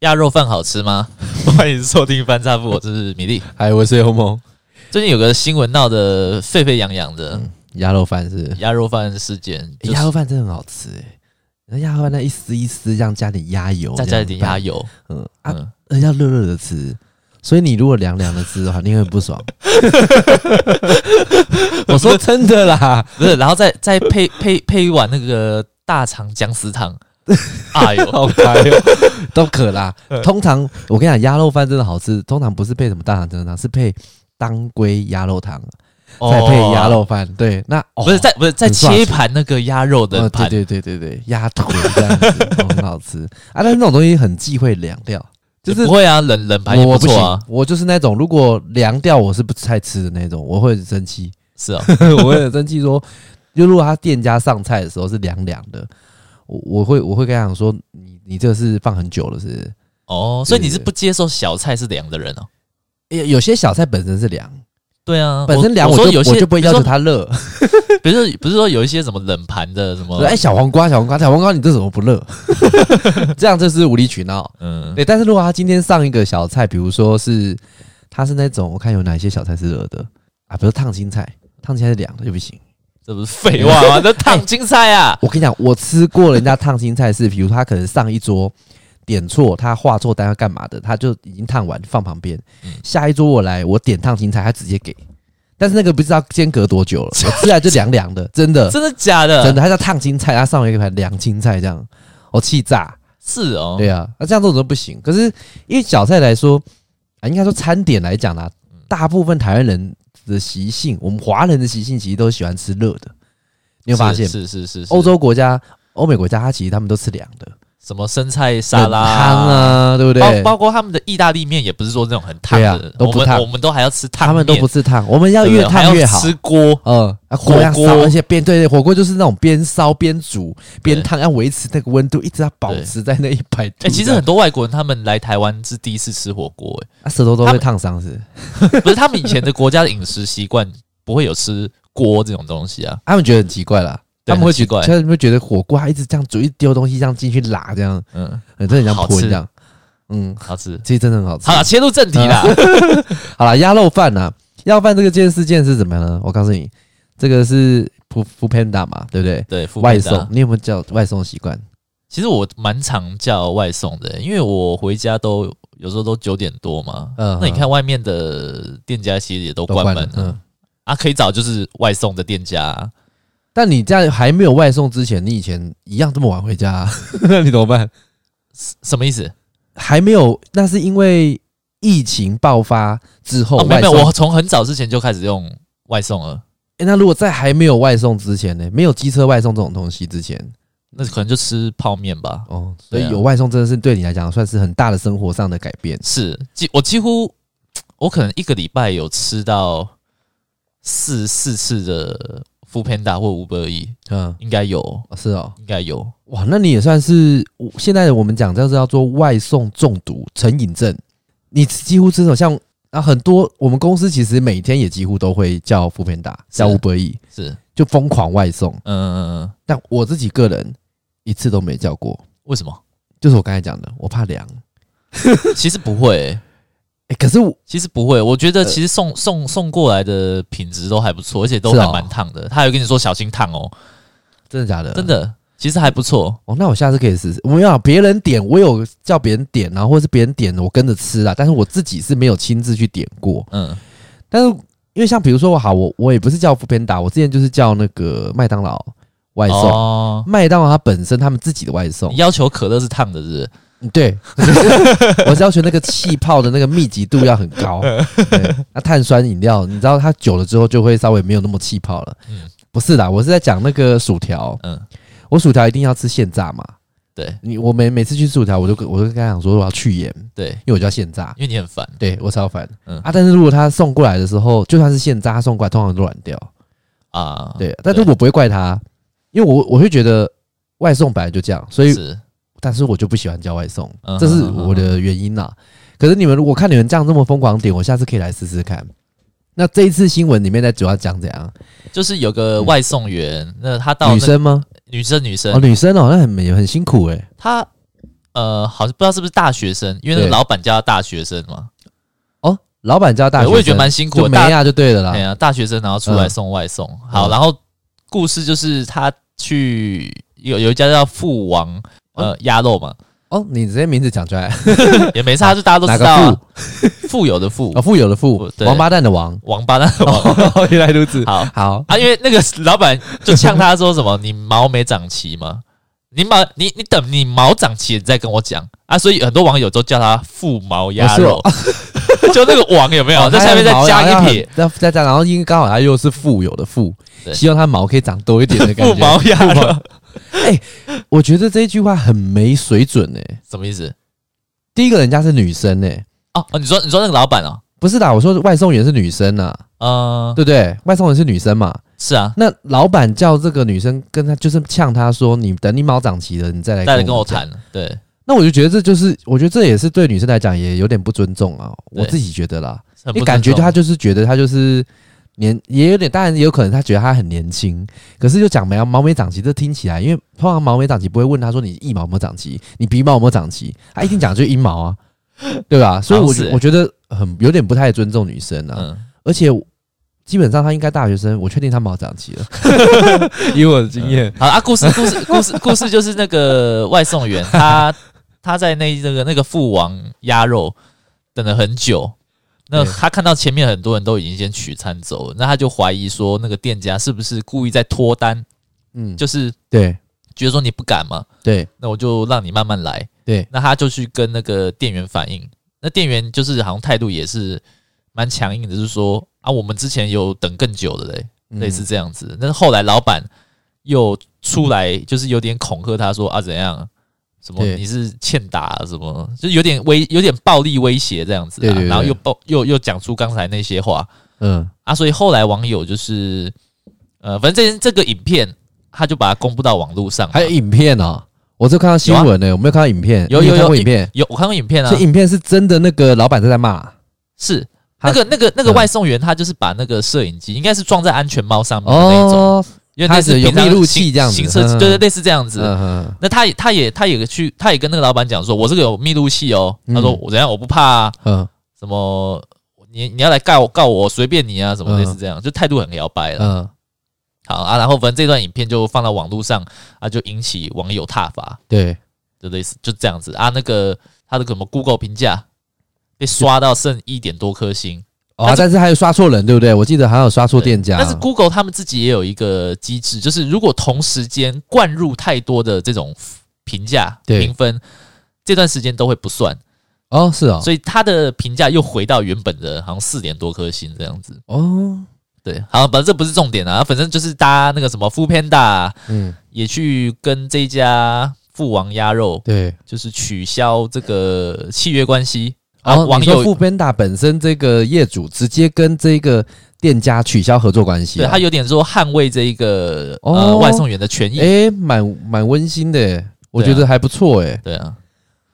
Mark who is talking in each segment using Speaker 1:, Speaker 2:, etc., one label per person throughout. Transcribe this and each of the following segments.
Speaker 1: 鴨肉飯好吃嗎？ 歡迎收聽不《翻差布》，我是米粒，嗨，我是歐夢。最近有個新聞鬧得沸沸揚揚的鴨、嗯、肉飯是鴨肉飯事件。鴨、欸、肉飯真的很好吃哎，鴨肉飯那一絲一絲，這樣加點鴨油，再加一點鴨油，嗯嗯要熱熱的吃，所以你如果涼涼的吃，的話 你會不爽。 我說真的啦， 不是，然後再再配配配，配一碗那個大腸薑絲湯。哎呦， 都可啦。嗯、通常我跟你講，鴨肉飯真的好吃。通常不是配什麼大腸，通常是配當歸鴨肉湯，哦、再配鴨肉飯。對，那、哦、不是再不是再切一盤那個鴨肉的盤對、嗯、對對對對，鴨腿這樣子、 哦、很好吃啊。但是那種東西很忌諱涼掉，就是不會啊。冷冷盤也不錯啊我不。我就是那種如果涼掉，我是不太吃的那種，我會很生氣。是啊， 我會很生氣說，就如果他店家上菜的時候是涼涼的。我我會我會跟他講說，你你這個是放很久了是不是？是、oh, 哦，所以你是不接受小菜是涼的人哦？哎、欸，有些小菜本身是涼，對啊，本身涼我就我有些我就不要求它熱。不是 不是說有一些什麼冷盤的什麼，哎、欸，小黃瓜，小黃瓜，小黃瓜，你這怎麼不熱？ 這樣，這是無理取鬧。 嗯，對、欸。但是如果他今天上一個小菜，比如說是他是那種，我看有哪些小菜是熱的啊，比如燙青菜，燙青菜是涼的就不行。
Speaker 2: 這是不是廢話嗎？ 這燙
Speaker 1: 青菜啊！ 欸，我跟你講，我吃過人家燙青菜是，比如他可能上一桌點錯，他畫錯單要幹嘛的，他就已經燙完放旁邊，嗯。下一桌我來，我點燙青菜，他直接給。但是那個不知道間隔多久了，我吃來就涼涼的，真的， 真的假的？真的，他叫燙青菜，他上了一個盤涼青菜這樣，哦，氣炸。是哦，對啊，那這樣做都不行。可是因為小菜來說，應該說餐點來講呢，啊，大部分台灣人。的習性，我們華人的習性其實都喜歡吃熱的，你有發現？是是是，歐洲國家、歐美國家，他其實他們都吃涼的。什麼生菜沙拉湯啊，對不對？包括包括他們的意大利麵，也不是說那種很燙的、啊，我們我們都還要吃燙，他們都不吃燙，我們要越燙越好。吃鍋，嗯啊，火鍋，而且邊對，對對，火鍋就是那種邊燒邊煮邊燙，要維持那個溫度，一直要保持在那一百度。哎、欸，其實很多外國人他們來台灣是第一次吃火鍋、欸，哎、啊，舌頭都會燙傷，是 不是？他們以前的國家的飲食習慣不會有吃鍋這種東西啊， 啊，他們覺得很奇怪啦。他們會奇怪，他們會覺得火鍋一直這樣煮，一丟東西這樣進去拉這樣，嗯，嗯真的很樣很像撲是這樣，嗯，好吃，其實真的很好吃。好了，切入正題啦。 好了，鴨肉飯呢、啊？鴨肉飯這個這件事件是怎麼樣呢？我告訴你，這個是 foodpanda 嘛，對不對？對，外送。你有沒有叫外送習慣？其實我蠻常叫外送的，因為我回家都有時候都九點多嘛。嗯，那你看外面的店家其實也都關門關。嗯，啊，可以找就是外送的店家、啊。但你在還沒有外送之前，你以前一樣這麼晚回家、啊，那 你怎麼辦？什麼意思？還沒有？那是因為疫情爆發之後，哦、沒有沒有。我從很早之前就開始用外送了、欸。那如果在還沒有外送之前呢？沒有機車外送這種東西之前，那可能就吃泡麵吧。哦，所以有外送真的是對你來講算是很大的生活上的改變。啊、是，幾我幾乎我可能一個禮拜有吃到四四次的。foodpanda 或 Uber Eats，嗯，應該有、哦，是哦，應該有，哇，那你也算是，現在我們講就是叫做外送中毒成癮症，你幾乎這種像啊很多，我們公司其實每天也幾乎都會叫 foodpanda，叫 Uber Eats，是，e, 是就瘋狂外送，嗯嗯嗯，但我自己個人一次都沒叫過，為什麼？就是我剛才講的，我怕涼， 其實不會、欸。欸、可是我其實不會，我覺得其實送、呃、送送過來的品質都還不錯，而且都還蠻燙的。哦、他有跟你說小心燙哦，真的假的？真的，其實還不錯哦。那我下次可以試試。我沒有別人點，我有叫別人點，然後或是別人點我跟着吃啦。但是我自己是沒有親自去點過。嗯，但是因為像比如說我好，我我也不是叫 foodpanda，我之前就是叫那個麥當勞外送。哦、麥當勞它本身他們自己的外送
Speaker 2: 要求可樂是燙的，是不是？對
Speaker 1: 我是要求那個氣泡的那個密集度要很高。 那碳酸飲料，你知道它久了之後就會稍微沒有那麼氣泡了。嗯，不是啦，我是在講那個薯條。嗯，我薯條一定要吃現炸嘛。對你，我每每次去吃薯條，我就我跟我就跟他講說我要去鹽。對，因為我叫現炸，因為你很煩。對我超煩。嗯啊，但是如果他送過來的時候，就算是現炸他送過來，通常都軟掉啊。對，但是我不會怪他，因為我我會覺得外送本來就這樣，所以。但是我就不喜歡叫外送，嗯、哼哼哼這是我的原因啦、啊嗯。可是你們如果看你們這樣這麼瘋狂點，我下次可以來試試看。那這一次新聞裡面在主要講怎樣？就是有個外送員，嗯、那他到那女生嗎？女生，女生，哦，女生哦，那很美，很辛苦誒、欸。他呃，好像不知道是不是大學生，因為那老板叫他大學生嘛。哦，老板叫大學生，學我也覺得蠻辛苦。的。大啊，就對了啦。對啊，大學生然後出來送外送，嗯、好，然後故事就是他去有有一家叫富王。呃，鴨肉嘛，哦，你直接名字講出來 也沒差、啊，就大家都知道富富有的富，富有的富，哦富有的富對，王八蛋的王，王八蛋，的王，原 來如此，好好啊，因為那個老板就嗆他說什麼， 你毛沒長齊嘛你毛，你你等你毛長齊你再跟我講啊，所以很多網友都叫他富毛鴨肉，啊、 就那個王有沒有在下面再加一撇，再再加，然後因為剛好他又是富有的富對，希望他毛可以長多一點的感覺， 富毛鴨肉。
Speaker 2: 哎 、
Speaker 1: 欸，我覺得這一句話很沒水準哎、欸，什麼意思？第一個人家是女生哎、欸，哦哦，你說你說那個老闆哦，不是啦，我說外送員是女生呢，啊、
Speaker 2: 呃，對不對，
Speaker 1: 對？外送員是女生嘛？是啊。那老闆叫這個女生跟他就是嗆他說：“你等你毛長齊了，你再來再來跟我談。”對。那我就覺得這就是，我覺得這也是對女生來講也有點不尊重啊。我自己覺得啦，我感覺就他就是覺得他就是。年也有點，當然也有可能他覺得他很年輕，可是就講沒有毛沒長齊，就聽起來，因為通常毛沒長齊不會問他說你腋毛有沒有長齊，你鼻毛有沒有長齊？他一定講就陰毛啊，
Speaker 2: 對吧？所以我我覺
Speaker 1: 得很有點不太尊重女生啊。嗯、而且基本上他應該大學生，我確定他毛長齊了。 以我的經驗、嗯，好啊，故事故事故事故事就是那個外送員，他他在那、這個、那個那個富王鴨肉等了很久。那他看到前面很多人都已經先取餐走了，那他就懷疑說那個店家是不是故意在拖單？嗯，就是對，覺得說你不敢嘛。對，那我就讓你慢慢來。對，那他就去跟那個店員反映，那店員就是好像態度也是蠻強硬的，就是說啊，我們之前有等更久的嘞、欸嗯，類似這樣子的。但是後來老闆又出來，就是有點恐嚇他說、嗯、啊，怎樣？什麼？你是欠打啊？什麼？就有點威，有點暴力威脅這樣子，啊、然後又暴，又又講出剛才那些話。嗯，啊、啊，所以後來網友就是，呃，反正這這個影片，他就把它公布到網絡上。還有影片哦，我這看到新聞呢，欸啊，我沒有看到影片。有有有影片？有我看到影片啊，嗯。這影片是真的？那個老闆在在罵，是那個那個那個外送員，他就是把那個攝影機應該是裝在安全帽上面的那一
Speaker 2: 種。因為他是有密錄器這樣子，新車，就是類似這樣子。呵
Speaker 1: 呵那他，他也，他也，他也去，他也跟那個老闆講說：“我這個有密錄器哦。嗯”他說：“我怎樣？我不怕。嗯，什麼？你你要來告我告我，隨便你啊，什麼類似這樣，就態度很搖擺
Speaker 2: 了。
Speaker 1: 嗯，好啊。然後，反正這段影片就放到網路上啊，就引起網友撻伐。對，就類似就這樣子啊。那個他的什麼 Google 評價被刷到剩一點多顆星。”啊、哦！但是還有刷錯人，對不對？我記得好像有刷錯店家。但是 Google 他們自己也有一個機制，就是如果同時間灌入太多的這種評價，對，評分，這段時間都會不算。哦，是哦，所以他的評價又回到原本的，好像四點多顆星這樣子。哦，對。好，反正這不是重點啊，反正就是搭那個什麼 Foodpanda 嗯，也去跟這家父王鴨肉，對，就是取消這個契約關係。後、哦啊，網友 foodpanda 本身這個業主直接跟這個店家取消合作關係、啊，對他有點說捍衛這一個呃、哦、外送員的權益，誒、欸，蠻蠻溫馨的，我覺得還不錯誒、啊，對啊，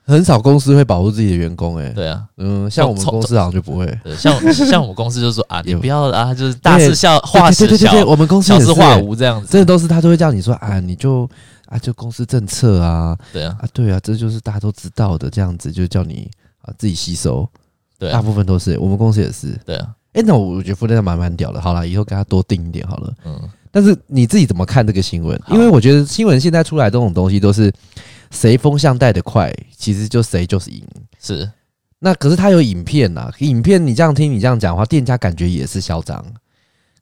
Speaker 1: 很少公司會保護自己的員工誒，對啊，嗯，像我們公司好像就不會，對像 像我們公司就說啊，你不要啊，就是大事化小，事對，對，對，對，小對，對，對，對我們公司小事化無這樣子對對對，真的都是他都會叫你說啊，你就啊就公司政策啊，對啊啊對啊，這就是大家都知道的這樣子，就叫你。自己吸收，對、啊，大部分都是。我們公司也是，對啊。哎、欸，那我，我覺得付店長蠻蠻屌的。好啦，以後給他多訂一點好了。嗯。但是你自己怎麼看這個新聞、啊？因為我覺得新聞現在出來這種東西都是誰風向帶的快，其實就誰就是贏。是。那可是他有影片吶、啊，影片你這樣聽，你這樣講的話，店家感覺也是囂張，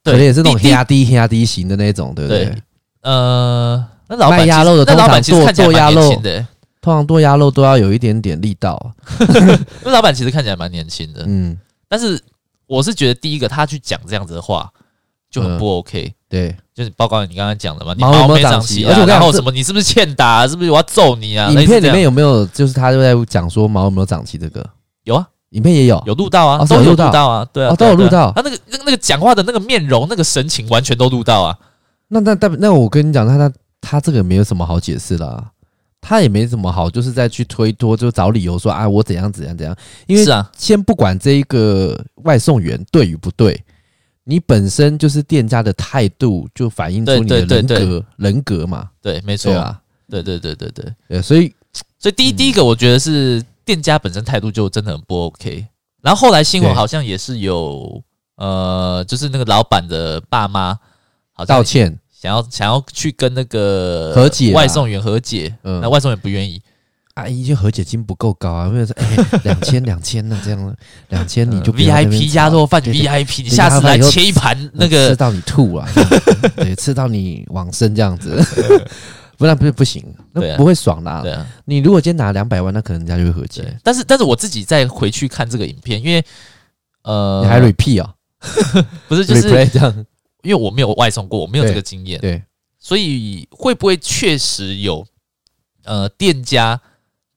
Speaker 1: 可能也是那種黑壓低黑壓低型的那種，對不對？對呃，那老闆賣鴨肉的，那老闆做做鴨肉通常剁鴨肉都要有一點點力道。 那 老闆其實看起來蠻年輕的，嗯，但是我是覺得第一個他去講這樣子的話就很不 OK、嗯。對，就是包括你剛剛講的嘛，你毛有沒有長齊、啊，然後什麼，是是你是不是欠打、啊，是不是我要揍你啊？影片裡面有沒有就是他就在講說毛有沒有長齊這個？有啊，影片也有，有錄到啊，哦、都有錄到啊、哦對啊哦，對啊，都有錄到、啊啊啊。他那個那個那個講話的那個面容、那個神情，完全都錄到啊。那那那那我跟你講，他他他這個沒有什麼好解釋啦。他也沒什麼好，就是再去推脫，就找理由說啊，我怎樣怎樣怎樣。因為是啊，先不管這一個外送員對與不對，你本身就是店家的態度，就反映出你的人格對對對，人格嘛。對，沒錯、啊，對
Speaker 2: 對對對對對。所以，所以第一、嗯、第一個，我覺得是
Speaker 1: 店家本身態度就真的很不 OK。然
Speaker 2: 後後來新聞好像也是有，
Speaker 1: 呃，就是那個老闆的爸媽，好像道歉。想要想要去跟那個和解外送員和解，和解，嗯，那外送員不願意，阿姨就和解金不夠高啊，因為說兩千兩千那這樣，兩千你就 VIP 加鴨肉飯 VIP，你下次來切一盤那個、嗯、吃到你吐啊， 對，吃到你往生這樣子， 不然不是不行，那不會爽啦，對啊對啊。你如果今天拿兩百萬，那可能人家就會和解。但是但是我自己再回去看這個影片，因為呃，你還 repeat 啊，哦？ 不是，就是、replay? 這樣。因為我沒有外送過，我沒有這個經驗，對，所以會不會確實有，呃，店家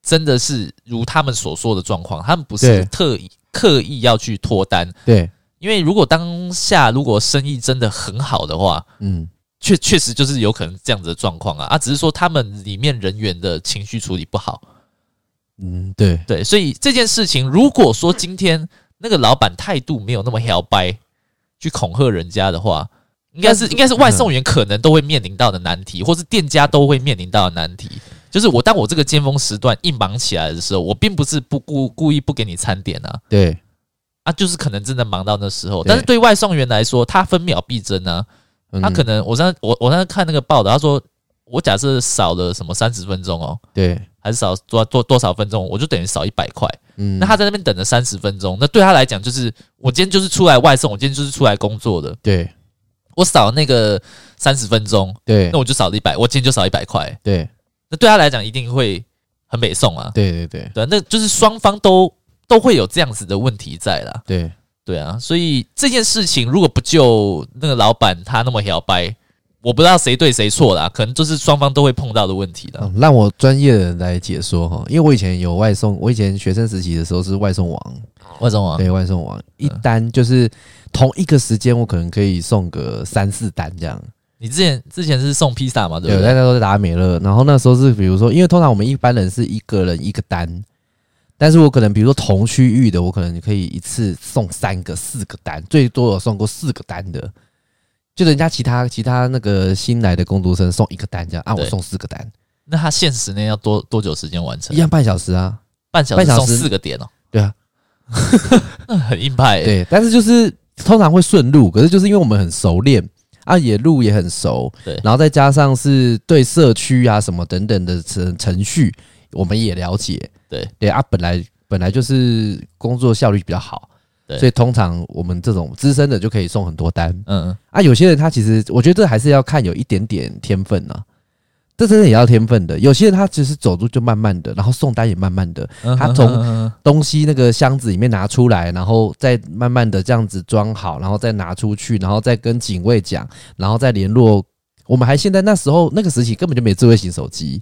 Speaker 1: 真的是如他們所說的狀況，他們不是特意刻意要去拖單，對，因為如果當下如果生意真的很好的話，嗯，確確實就是有可能這樣子的狀況啊，啊，只是說他們裡面人員的情緒處理不好，
Speaker 2: 嗯，對，
Speaker 1: 對，所以這件事情如果說今天那個老闆態度沒有那麼機掰，去恐嚇人家的話。應該是，是應該是外送員可能都會面臨到的難題，嗯，或是店家都會面臨到的難題，就是我當我這個尖峰時段一忙起來的時候，我並不是不故故意不給你餐點啊，對啊，就是可能真的忙到那時候。但是對外送員來說，他分秒必爭啊、嗯，他可能我上我我上次看那個報道，他說我假設少了什麼三十分鐘哦，對，還是少多多多少分鐘，我就等於少一百塊。嗯，那他在那邊等了三十分鐘，那對他來講就是我今天就是出來外送，我今天就是出來工作的，對。我少那個三十分鐘，對，那我就少了一百，我今天就少一百塊，對，那對他來講一定會很美送啊，對對對對，對啊，那就是雙方都都會有這樣子的問題在啦。對對啊，所以這件事情如果不就那個老闆他那麼搖擺，我不知道誰對誰錯啦，可能就是雙方都會碰到的問題啦。讓我專業的人來解說哈，因為我以前有外送，我以前學生時期的時候是外送王，外送王對，外送王一單就是。同一個時間，我可能可以送個三四單這樣。你之前之前是送披薩嘛？對不對。大家都在達美樂，然後那時候是比如說，因為通常我們一般人是一個人一個單，但是我可能比如說同區域的，我可能可以一次送三個、四個單，最多有送過四個單的。就人家其他其他那個新來的工讀生送一個單，這樣啊，我送四個單，那他限時呢？要多多久時間完成？一樣半小時啊，半小時送四個點哦。對啊， 那很硬派欸。對，但是就是。通常會順路，可是就是因為我們很熟練啊，野路也很熟，對，然後再加上是對社區啊什麼等等的程程序，我們也了解，對對啊，本來本來就是工作效率比較好，對，所以通常我們這種資深的就可以送很多單，嗯嗯啊，有些人他其實我覺得這還是要看有一點點天分呢、啊。這真的也要天分的。有些人他其實走路就慢慢的，然後送單也慢慢的。他從東西那個箱子裡面拿出來，然後再慢慢的這樣子裝好，然後再拿出去，然後再跟警衛講，然後再聯絡。我們還現在那時候那個時期根本就沒有智慧型手機。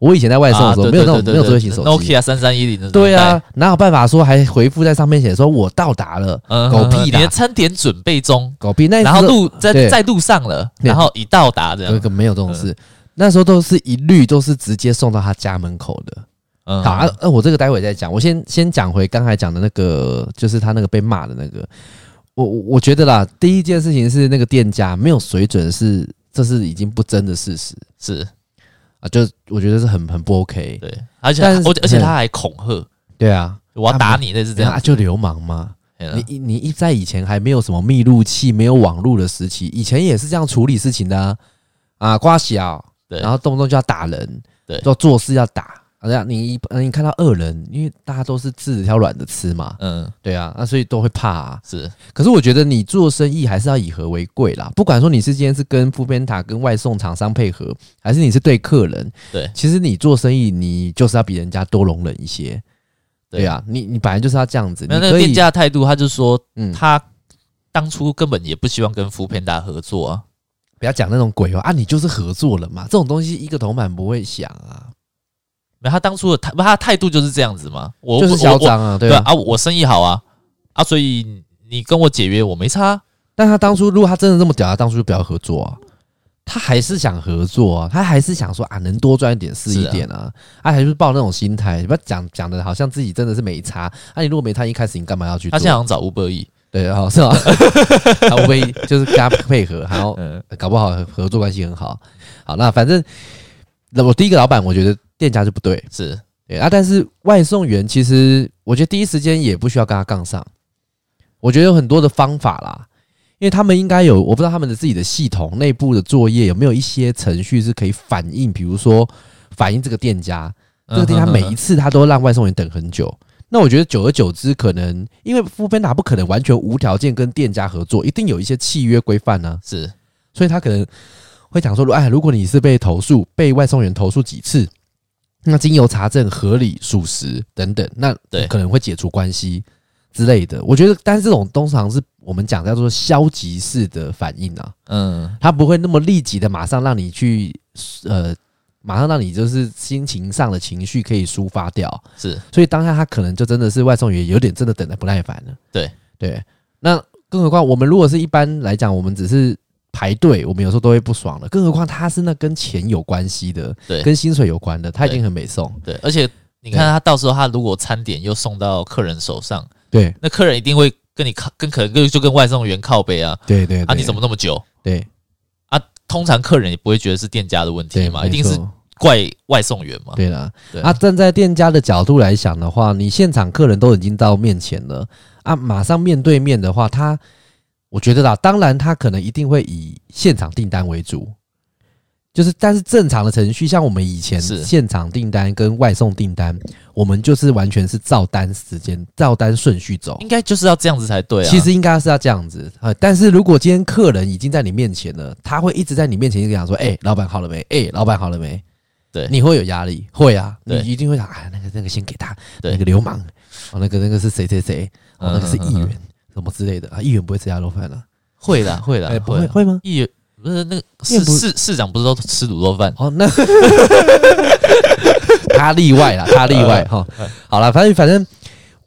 Speaker 1: 我以前在外送的時候沒有、啊、沒有智慧型手機，諾基
Speaker 2: 亞三三一零。
Speaker 1: 對啊，哪有辦法說還回復在上面寫說我到達了、嗯？狗屁啦！連餐點準備中，狗屁！那然後路在在路上了，然後已到達的，對那個、沒有這種事。嗯那時候都是一律都是直接送到他家門口的。嗯、好，那、啊啊、我這個待會再講。我先先講回剛才講的那個，就是他那個被罵的那個。我我覺得啦，第一件事情是那個店家沒有水準是，是這是已經不爭的事實，是啊，就我覺得是很很不 OK。對，而且他而且他還恐嚇，對啊，我要打你那是這樣？就流氓嘛。你你你在以前還沒有什麼密錄器、沒有網絡的時期，以前也是這樣處理事情的啊，啊，瓜小。對，然後動不動就要打人，對，要做事要打，對啊，你一你看到惡人，因為大家都是自己挑軟的吃嘛，嗯，對啊，那所以都會怕啊，是。可是我覺得你做生意還是要以和為貴啦，不管說你是今天是跟 foodpanda 跟外送廠商配合，還是你是對客人，對，其實你做生意你就是要比人家多容忍一些，對啊，你你本來就是要這樣子，嗯，你那那個，店家的態度，他就說，嗯，他當初根本也不希望跟 foodpanda 合作啊。不要講那種鬼話、哦、啊！你就是合作了嘛，這種東西一個銅板不會響啊。沒，他當初的他，他的態度就是這樣子嘛？
Speaker 2: 我就是囂張啊，對吧？啊，
Speaker 1: 我生意好啊，啊，所以你跟我解約我沒差。但他當初如果他真的這麼屌，他當初就不要合作啊。他還是想合作啊，他還是想說啊，能多賺一點是一點啊。他、啊啊、還是抱那種心態，不要講講的好像自己真的是沒差。那、啊、你如果沒差，一開始你幹嘛要去做？他現在好像找
Speaker 2: Uber Eats。對，好，是
Speaker 1: 吧？我可以 就是跟他配合，還要、嗯，搞不好合作關係很好。好，那反正那我第一個老闆，我覺得店家是不對，是對啊。但是外送員其實，我覺得第一時間也不需要跟他槓上。我覺得有很多的方法啦，因為他們應該有，我不知道他們的自己的系統內部的作業有沒有一些程序是可以反映，比如說反映這個店家嗯哼嗯哼，這個店家每一次他都讓外送員等很久。那我覺得久而久之，可能因為富胖達不可能完全無條件跟店家合作，一定有一些契約規範呢。是，所以他可能會講說，哎，如果你是被投訴，被外送員投訴幾次，那經由查證合理、屬實等等，那對可能會解除關係之類的。我覺得，但這種通常是我們講叫做消極式的反應啊。嗯，他不會那麼立即的馬上讓你去呃。馬上讓你就是心情上的情緒可以抒發掉，是，所以當下他可能就真的是外送員有點真的等得不耐煩了。對對，那更何況我們如果是一般來講，我們只是排隊，我們有時候都會不爽的。更何況他是那跟錢有關係的，對，跟薪水有關的，他已經很美送對對。對，而且你看他到時候他如果餐點又送到客人手上，對，那客人一定會跟你靠，更可能就跟外送員靠北啊。對對、對、對，那、啊、你怎麼那麼久？對。對通常客人也不會覺得是店家的問題嘛，對，一定是怪外送員嘛。對啦對。那，啊，站在店家的角度來想的話，你現場客人都已經到面前了啊，馬上面對面的話，他我覺得啦，當然他可能一定會以現場訂單為主。就是，但是正常的程序，像我們以前是現場訂單跟外送訂單，我們就是完全是照單時間、照單順序走，應該、啊、就是要這樣子才對啊。其實應該是要這樣子啊。但是如果今天客人已經在你面前了，他會一直在你面前一直講說：“哎，老闆好了沒？哎，老闆好了沒？”對，你會有壓力，會啊，你一定會想：“啊，那個那個先給他，那個流氓、哦，那個那個是誰誰誰，那個是議員，什麼之類的啊？議員不會吃鴨肉飯了，會的，會的，不會，會嗎？議員。”不是那個市市市長不是說吃滷肉飯哦？那 他例外了，他例外哈、呃呃。好了，反正反正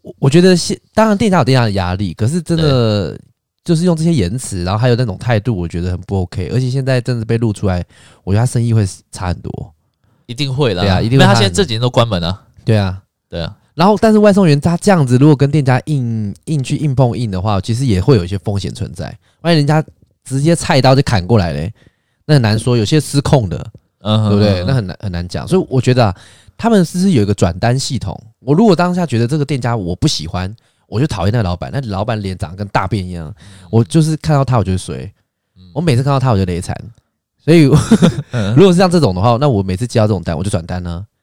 Speaker 1: 我，我覺得現，現當然店家有店家的壓力，可是真的就是用這些言辭，然後還有那種態度，我覺得很不 OK。而且現在真的被錄出來，我覺得他生意會差很多，一定會的。對、啊、一定會因為他現在這幾年都關門了、啊啊。對啊，對啊。然後，但是外送員他這樣子，如果跟店家硬硬去硬碰硬的話，其實也會有一些風險存在，萬一人家。直接菜刀就砍過來嘞、欸，那很難說，有些失控的，對不對？那很難很難講，所以我覺得啊，他們是不是有一個轉單系統？我如果當下覺得這個店家我不喜歡，我就討厭那個老闆，那老闆臉長得跟大便一樣，我就是看到他我就衰，我每次看到他我就雷殘，所以 如果是像這種的話，那我每次接到這種單我就轉單呢、啊。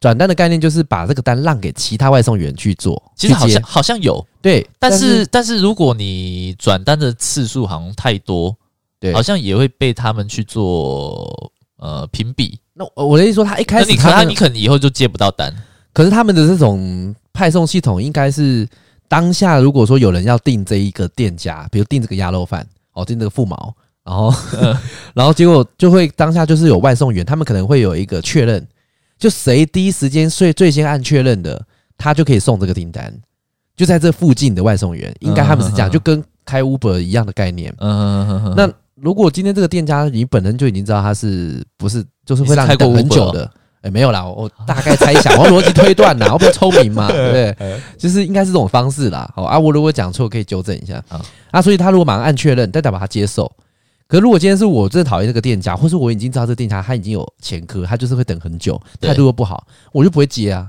Speaker 1: 轉單的概念就是把這個單讓給其他外送員去做，其實好像好像有，對，但是但是如果你轉單的次數好像太多，對，好像也會被他們去做呃評比。那我，我的意思說，他一開始他你可能以後就接不到單。可是他們的這種派送系統應該是當下如果說有人要訂這一個店家，比如訂這個鴨肉飯哦，訂這個富毛，然後、嗯、 然後結果就會當下就是有外送員，他們可能會有一個確認。就誰第一時間最最先按確認的，他就可以送這個訂單。就在這附近的外送員，應該他們是這樣，就跟開 Uber 一樣的概念。嗯嗯嗯。那如果今天這個店家，你本人就已經知道他是不是，就是會讓你等很久的，欸？誒沒有啦，我大概猜想，我邏輯推斷吶，我比較聰明嘛，對不對？就是應該是這種方式啦。好啊，我如果講錯，可以糾正一下啊。所以他如果馬上按確認，代表他接受。可如果今天是我最討厭這個店家，或是我已經知道這個店家他已經有前科，他就是會等很久，態度又不好，我就不會接啊。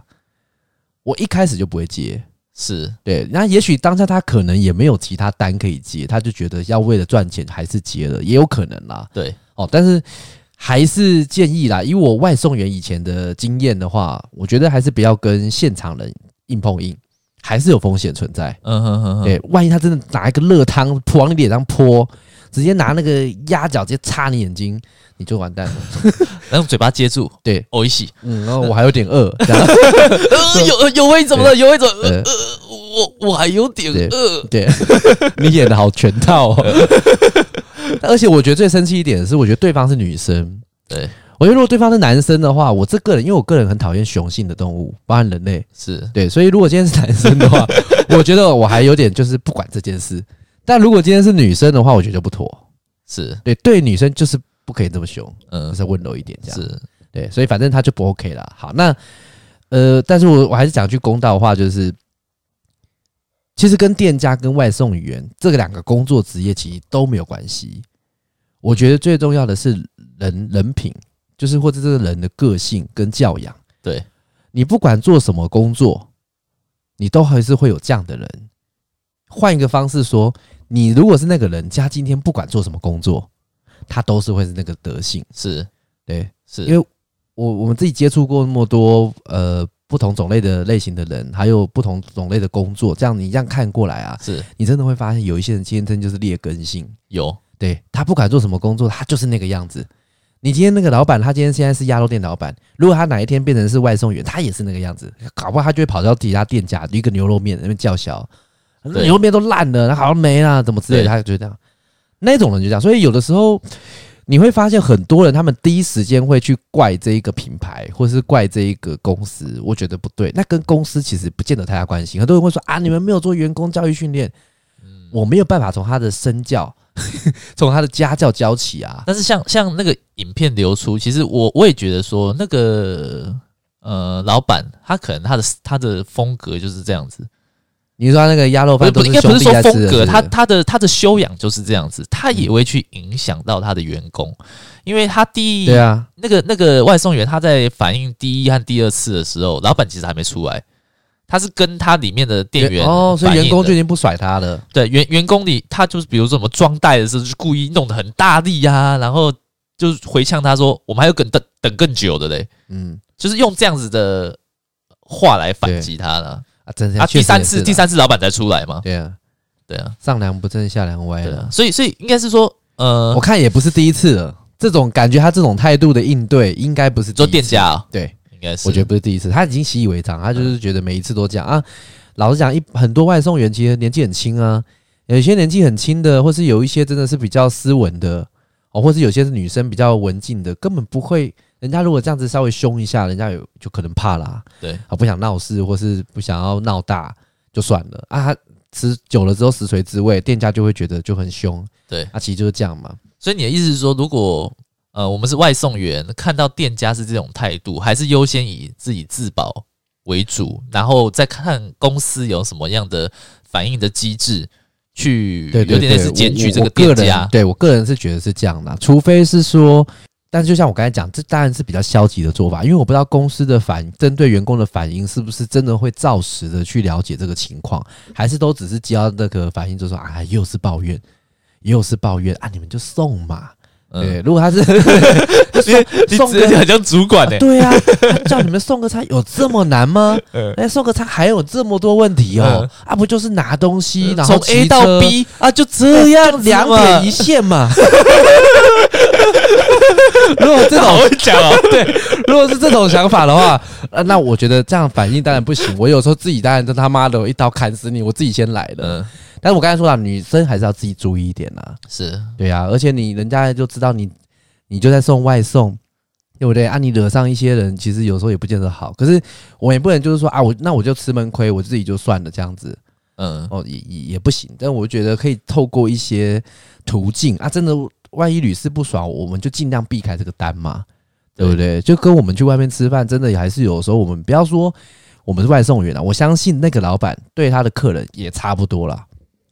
Speaker 1: 我一開始就不會接，是對。那也許當下他可能也沒有其他單可以接，他就覺得要為了賺錢還是接了，也有可能啦。對，哦，但是還是建議啦，以我外送員以前的經驗的話，我覺得還是不要跟現場人硬碰硬，還是有風險存在。
Speaker 2: 嗯哼哼，對，
Speaker 1: 萬一他真的拿一個熱湯潑往你臉上潑。直接拿那個鴨腳直接插你眼睛，你就完蛋了。然 後嘴巴接住，對，嘔一洗。嗯，然後我還有點餓、 呃，有有有一種有一種，有一種呃，呃，我我還有點餓。對，你演的好全套、哦。 而且我覺得最生氣一點的是，我覺得對方是女生。
Speaker 2: 對，
Speaker 1: 我覺得如果對方是男生的話，我這個人因為我個人很討厭雄性的動物，包含人類，是對。所以如果今天是男生的話， 我覺得我還有點就是不管這件事。那如果今天是女生的話，我覺得就不妥。是對，對，女生就是不可以這麼凶，嗯，是溫柔一點，這樣是對。所以反正他就不 OK 了。好，那呃，但是我我還是講句公道的話，就是其實跟店家、跟外送員這個兩個工作職業其實都沒有關係。我覺得最重要的是人人品，就是或者這個人的個性跟教養。對，嗯，你不管做什麼工作，你都還是會有這樣的人。換一個方式說。你如果是那個人，他今天不管做什麼工作，他都是會是那個德性。是對，是因為我我們自己接觸過那麼多呃不同種類的類型的人，還有不同種類的工作，這樣你這樣看過來啊，是你真的會發現有一些人今天真就是劣根性，有，對，他不管做什麼工作，他就是那個樣子。你今天那個老闆，他今天現在是鴨肉店老闆，如果他哪一天變成是外送員，他也是那個樣子，搞不好他就會跑到其他店家一個牛肉麵那邊叫囂。你後面都爛了，那好像沒了，啊，怎麼之類的。他就這樣，那種人就這樣。所以有的時候你會發現，很多人他們第一時間會去怪這一個品牌，或者是怪這一個公司，我覺得不對。那跟公司其實不見得太大關係。很多人會說啊，你們沒有做員工教育訓練，嗯，我沒有辦法從他的身教，從 他的家教教起啊。但是像像那個影片流出，其實我我也覺得說，那個呃老闆他可能他的他的風格就是這樣子。你說他那個鴨肉飯不應該，不是說風格，他他的他的修養就是這樣子，他也會去影響到他的員工。因為他第一，對啊，那個那個外送員他在反映第一和第二次的時候，老闆其實還沒出來，他是跟他裡面的店員哦，所以員工就已經不甩他了。對，員員工裡，他就是比如說什麼裝袋的時候，就故意弄得很大力呀，啊，然後就是回嗆他說，我們還有更等等更久的嘞，嗯，就是用這樣子的話來反擊他了。啊！第三次，第三次，老板才出來嘛？對啊，對啊，上梁不正下梁歪了對、啊，所
Speaker 2: 以，所以應該是說，呃，我
Speaker 1: 看也不是第一次了。這種感覺，他這種態度的應對，應該不是第一次做店家、哦，對，應該是。我覺得不是第一次，他已經習以為常，他就是覺得每一次都這樣、嗯、啊。老實講，一很多外送員其實年紀很輕啊，有些年紀很輕的，或是有一些真的是比較斯文的哦，或是有些是女生比較文靜的，根本不會。人家如果這樣子稍微凶一下，人家有就可能怕啦、啊，對啊，不想鬧事或是不想要鬧大就算了啊。吃久了之後食髓知味，店家就會覺得就很凶，對，啊，其實就是這樣嘛。所以你的意思是說，如果呃我們是外送員，看到店家是這種態度，還是優先以自己自保為主，然後再看公司有什麼樣的反應的機制去，有點，點是檢舉這個店家。對，對，對，我，我，我，個人，對，我個人是覺得是這樣的，除非是說。但是就像我剛才講，這當然是比較消極的做法，因為我不知道公司的反針對員工的反應是不是真的會照實的去了解這個情況，還是都只是接到那個反應就說啊，又是抱怨，又是抱怨啊，你們就送嘛。嗯，如果他是，嗯、 送送個餐像主管呢？欸，啊？對呀，啊，他叫你們送個餐有這麼難嗎？哎，嗯，欸，送個餐還有這麼多問題哦！嗯，啊，不就是拿東西然後從，嗯、A 到 B 啊，就這樣兩點一線嘛。線嘛 如果這種講，哦，對，如果是這種想法的話，啊，那我覺得這樣反應當然不行。我有時候自己當然真他媽的我一刀砍死你，我自己先來的。嗯但是我剛才說了，女生還是要自己注意一點吶、啊。是對啊，而且你人家就知道你，你就在送外送，對不對？啊，你惹上一些人，其實有時候也不見得好。可是我們也不能就是說啊，我那我就吃悶虧，我自己就算了這樣子。嗯，哦，也也也不行。但我覺得可以透過一些途徑啊，真的萬一屢試不爽，我們就盡量避開這個單嘛，對不對？對，就跟我們去外面吃飯，真的還是有時候我們不要說我們是外送員啊，我相信那個老闆對他的客人也差不多啦。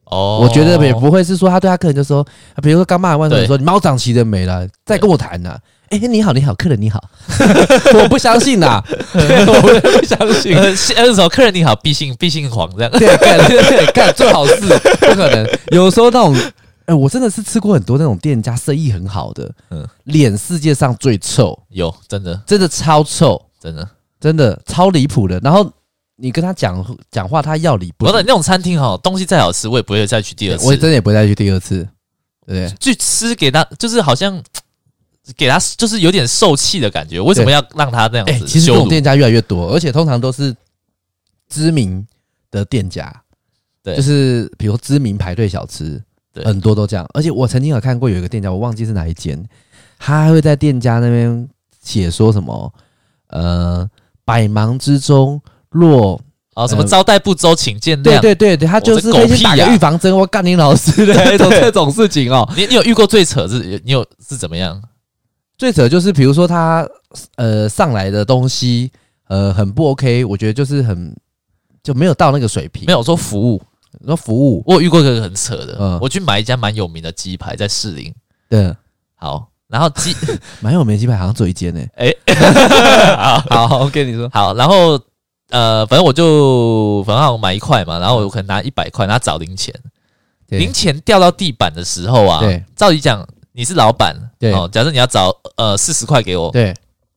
Speaker 2: 哦、oh.，我覺得也不
Speaker 1: 會是說他對他客人就說，比如說剛罵完說，你毛長齊了沒，再跟我談呢、啊？哎、欸，你好，你好，客人你好， 我不相信吶、啊， 我不相信。呃，說客人你好，敝姓，敝姓黃這樣。 對,對,對，干幹最好是，不 可能。有時候那種，哎、欸，我真的是吃過很多那種店家生意很好的，嗯， 臉世界上最臭，有真的，真的超臭，真的，真的超離譜的，然後。你跟他講講話，他要理不？要。的那種餐廳哈、哦，東西再好吃，我也不會再去第二次。我真的也不會再去第二次，對不對？去吃給他，就是好像給他，就是有點受氣的感覺。為什麼要讓他這樣子、欸？其實這種店家越來越多，而且通常都是知名的店家，對，就是比如知名排隊小吃，對，很多都這樣。而且我曾經有看過有一個店家，我忘記是哪一間，他還會在店家那邊寫說什麼，呃，百忙之中。弱啊、哦，什麼招待不周，請見諒、呃。對對對，他就是可以打預防針。我幹、啊喔、你老師的這種這種事情哦。對對對 你你有遇過最扯是？你有是怎麼樣？最扯就是比如說他呃上來的東西呃很不 OK，我覺得就是很就沒有到那個水平。沒有說服務，說服務，我有遇過一個很扯的。呃、我去買一家蠻有名的雞排，在士林。對、呃，好，然後雞蠻 有名雞排，好像只一間呢、欸。哎、欸， 好好，我、okay, 跟你說，好，然後。呃，反正我就，反正我買一塊嘛，然後我可能拿一百塊然後找零錢，對，零錢掉到地板的時候啊，對哦，照理講你是老闆，對，哦，假設你要找呃四十塊給我，對，誒、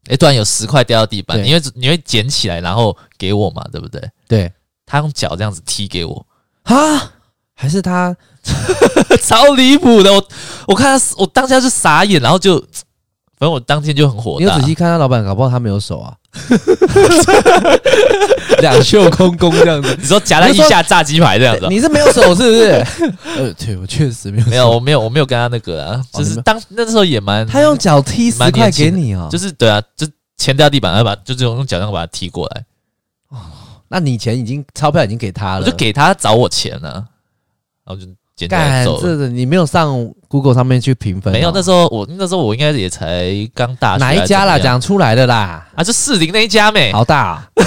Speaker 1: 欸，突然有十塊掉到地板，你會你會撿起來然後給我嘛，對不對？對，他用腳這樣子踢給我，啊，還是他 超離譜的，我我看他我當下是傻眼，然後就。反正我當天就很火。你有仔細看他老，老闆搞不好他沒有手啊，兩 袖空空這樣子，你說夾在腋下炸雞排這樣子。你是沒有手是不是？ 呃，對，我確實沒有手，沒有，我沒有，我沒有跟他那個啊，哦、就是當，當那時候也蠻……他用腳踢十塊給你哦，就是對啊，就錢掉地板，然後把就這、是、種用腳這樣把他踢過來。哦，那你錢已經鈔票已經給他了，我就給他找我錢啊。然後就。幹，這是你沒有上 Google 上面去評分喔？沒有，那時候我，我那時候我應該也才剛大學，哪一家啦，講出來的啦啊，就士林那一家咩好大喔。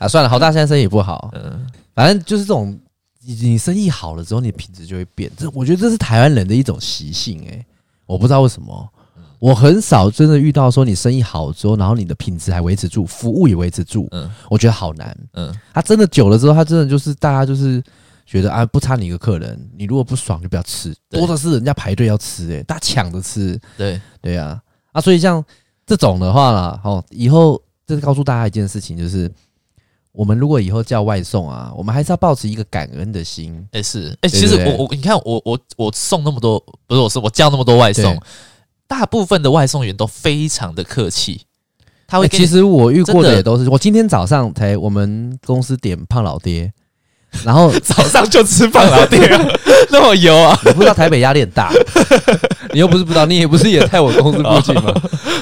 Speaker 1: 啊，算了，豪大現在生意不好，嗯，反正就是這種，你生意好了之後，你品質就會變，這我覺得這是台灣人的一種習性哎、欸，我不知道為什麼。嗯，我很少真的遇到說你生意好了之後，然後你的品質還維持住，服務也維持住，嗯，我覺得好難，嗯，他真的久了之後，他真的就是大家就是。覺得啊，不差你一個客人。你如果不爽，就不要吃。多的是人家排隊要吃，欸，哎，大家搶着吃。對對啊，啊，所以像這種的話啦，哦，以後這是告訴大家一件事情，就是我們如果以後叫外送啊，我們還是要抱持一個感恩的心。誒、欸、是誒、欸、其實我對對對我你看我我我送那麼多，不是我送，我叫那麼多外送，大部分的外送員都非常的客氣。
Speaker 2: 他會，欸、其實我遇過的也
Speaker 1: 都是。我今天早上才我們公司點胖老爹。然後早上就吃胖老爹。啊 那麼油啊！我不知道台北壓力很大，你又不是不知道，你也不是也在我公司附近嗎？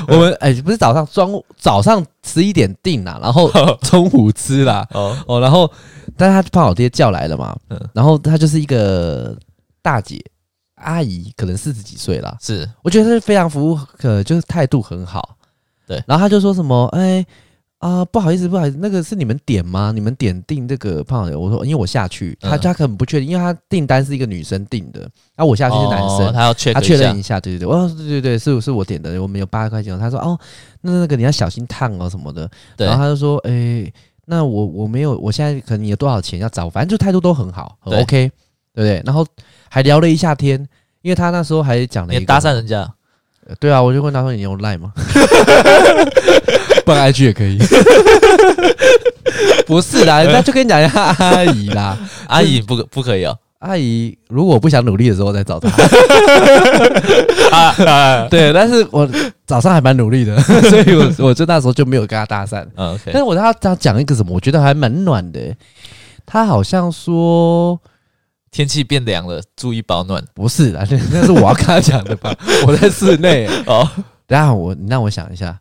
Speaker 1: 我們哎、欸，不是早上中早上十一點訂啦，然後中午吃啦。 哦哦，然後但是他胖老爹叫來了嘛，然後他就是一個大姐阿姨，可能四十幾歲啦。是，我覺得是非常服務，可就是態度很好，對，然後他就說什麼，哎。啊、呃，不好意思，不好意思，那個是你們點嗎？你們點訂這、那個胖友，我說因為我下去，嗯、他他可能不確定，因為他訂單是一個女生訂的，啊，我下去是男生，哦、他要確他確認一下、一下，對對對，哦，對對對，是是我點的，我們有八十塊錢，他說哦，那那個你要小心燙哦、喔、什麼的，對，然後他就說，哎、欸，那我我沒有，我現在可能有多少錢要找，反正就態度都很好，很 OK，對不對，對，對？然後還聊了一下天，因為他那時候還講了一你也搭訕人家、呃，對啊，我就問他說你有 LINE 嗎？ 換 IG 也可以， 不是啦，那 就跟你講一下 阿姨啦，阿姨不，不可以哦，阿姨如果我不想努力的時候再找他、 啊啊、對，但是我早上還蠻努力的， 所以我我就那時候就沒有跟他搭訕。OK， 但是我他他講一個什麼，我覺得還蠻暖的，他好像說天氣變涼了，注意保暖。不是啦，那是我要跟他講的吧？ 我在室內 哦，那我那我想一下。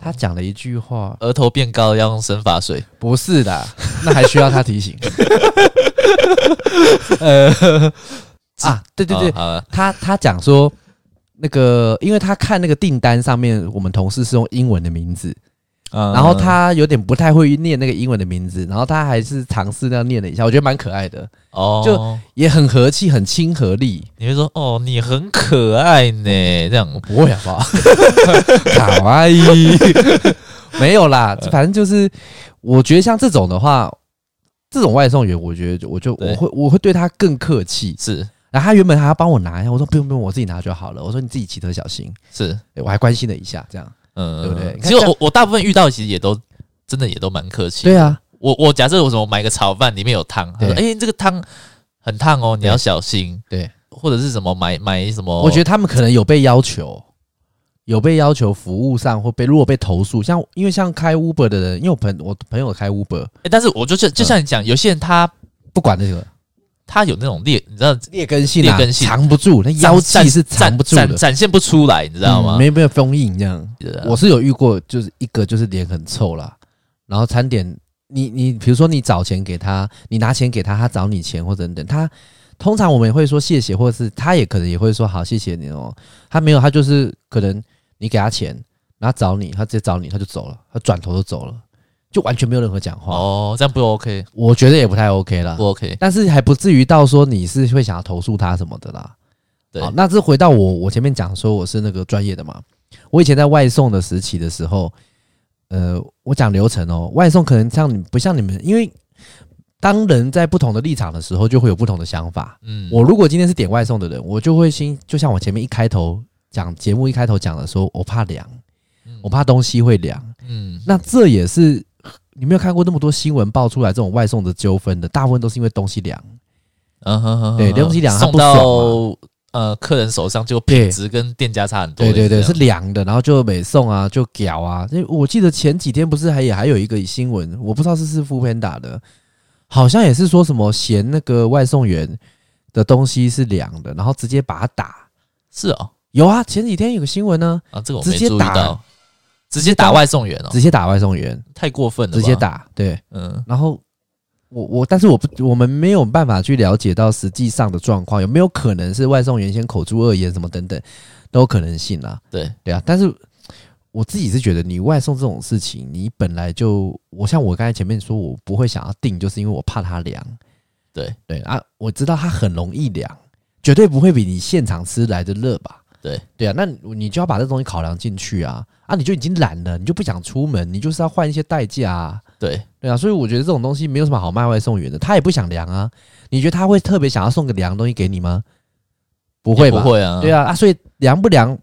Speaker 1: 他講了一句話：“額頭變高要用生髮水。”不是的，那還需要他提醒？ 呃，啊，對對對，哦啊、他他講說，那個，因為他看那個訂單上面，我們同事是用英文的名字。嗯，然後他有點不太會念那個英文的名字，然後他還是嘗試那樣念了一下，我覺得蠻可愛的哦，就也很和氣，很親和力。你會說哦，你很可愛呢？這樣我不會好不好？卡哇伊。沒有啦，反正就是我覺得像這種的話，這種外送員，我覺得我就我會我會對他更客氣。是，然後他原本還要幫我拿一下，我說不用不用，我自己拿就好了。我說你自己騎車小心。是，我還關心了一下這樣。嗯，對不對？其實我我大部分遇到的其實也都真的也都蠻客氣。對啊，我我假設我什麼買個炒飯裡面有湯，哎、欸，這個湯很燙哦，你要小心。對，對或者是什麼買買什麼？我覺得他們可能有被要求，有被要求服務上或被如果被投訴，像因為像開 Uber 的人，因為我朋我朋友開 Uber，哎、欸，但是我就是就像你講、嗯，有些人他不管這個。他有那種劣，你知道劣根性、啊，劣根性藏不住，那妖氣是藏不住的、的，展現不出來，你知道嗎？嗯、沒沒有封印這樣。Yeah. 我是有遇過，就是一個就是臉很臭啦，然後餐點，你你比如說你找錢給他，你拿錢給他，他找你錢或者等等，他通常我們也會說謝謝，或者是他也可能也會說好謝謝你哦，他沒有，他就是可能你給他錢，然後找你，他直接找你，他就走了，他轉頭就走了。就完全沒有任何講話哦，這樣不 OK？我覺得也不太 OK 啦。不 OK。但是還不至於到說你是會想要投訴他什麼的啦。對，好，那這回到我我前面講說我是那個專業的嘛。我以前在外送的時期的時候，呃，我講流程哦、喔。外送可能像不像你們？因為當人在不同的立場的時候，就會有不同的想法。嗯，我如果今天是點外送的人，我就會心就像我前面一開頭講節目一開頭講的時候，說我怕涼，我怕東西會涼。嗯，那這也是。你沒有看過那麼多新聞爆出來這種外送的糾紛的，大部分都是因為東西涼。嗯
Speaker 2: 哼哼，對，東西涼送到
Speaker 1: 呃，客人手上就品質跟店家差很多。對，對對對，是涼的，然後就沒送啊，就屌啊！這我記得前幾天不是還也還有一個新聞，我不知道是是 foodpanda 的，好像也是說什麼嫌那個外送員的東西是涼的，然後直接把它打。是哦，有啊，前幾天有個新聞呢啊，啊，這個我直接打外送員喔，直接打外送員，太過分了。直接打，對，嗯。然後我我，但是我不我們沒有辦法去了解到實際上的狀況，有沒有可能是外送員先口出惡言，什麼等等，都有可能性啦。對，對啊。但是我自己是覺得，你外送這種事情，你本來就我像我剛才前面說，我不會想要訂，就是因為我怕它涼。對對啊，我知道它很容易涼，絕對不會比你現場吃來的熱吧。對對啊，那你就要把這東西考量進去啊啊！你就已經懶了，你就不想出門，你就是要換一些代價啊。對對啊，所以我覺得這種東西沒有什麼好賣外送員的，他也不想涼啊。你覺得他會特別想要送個涼東西給你嗎？
Speaker 2: 不會吧不會啊！對啊啊！
Speaker 1: 所以涼不涼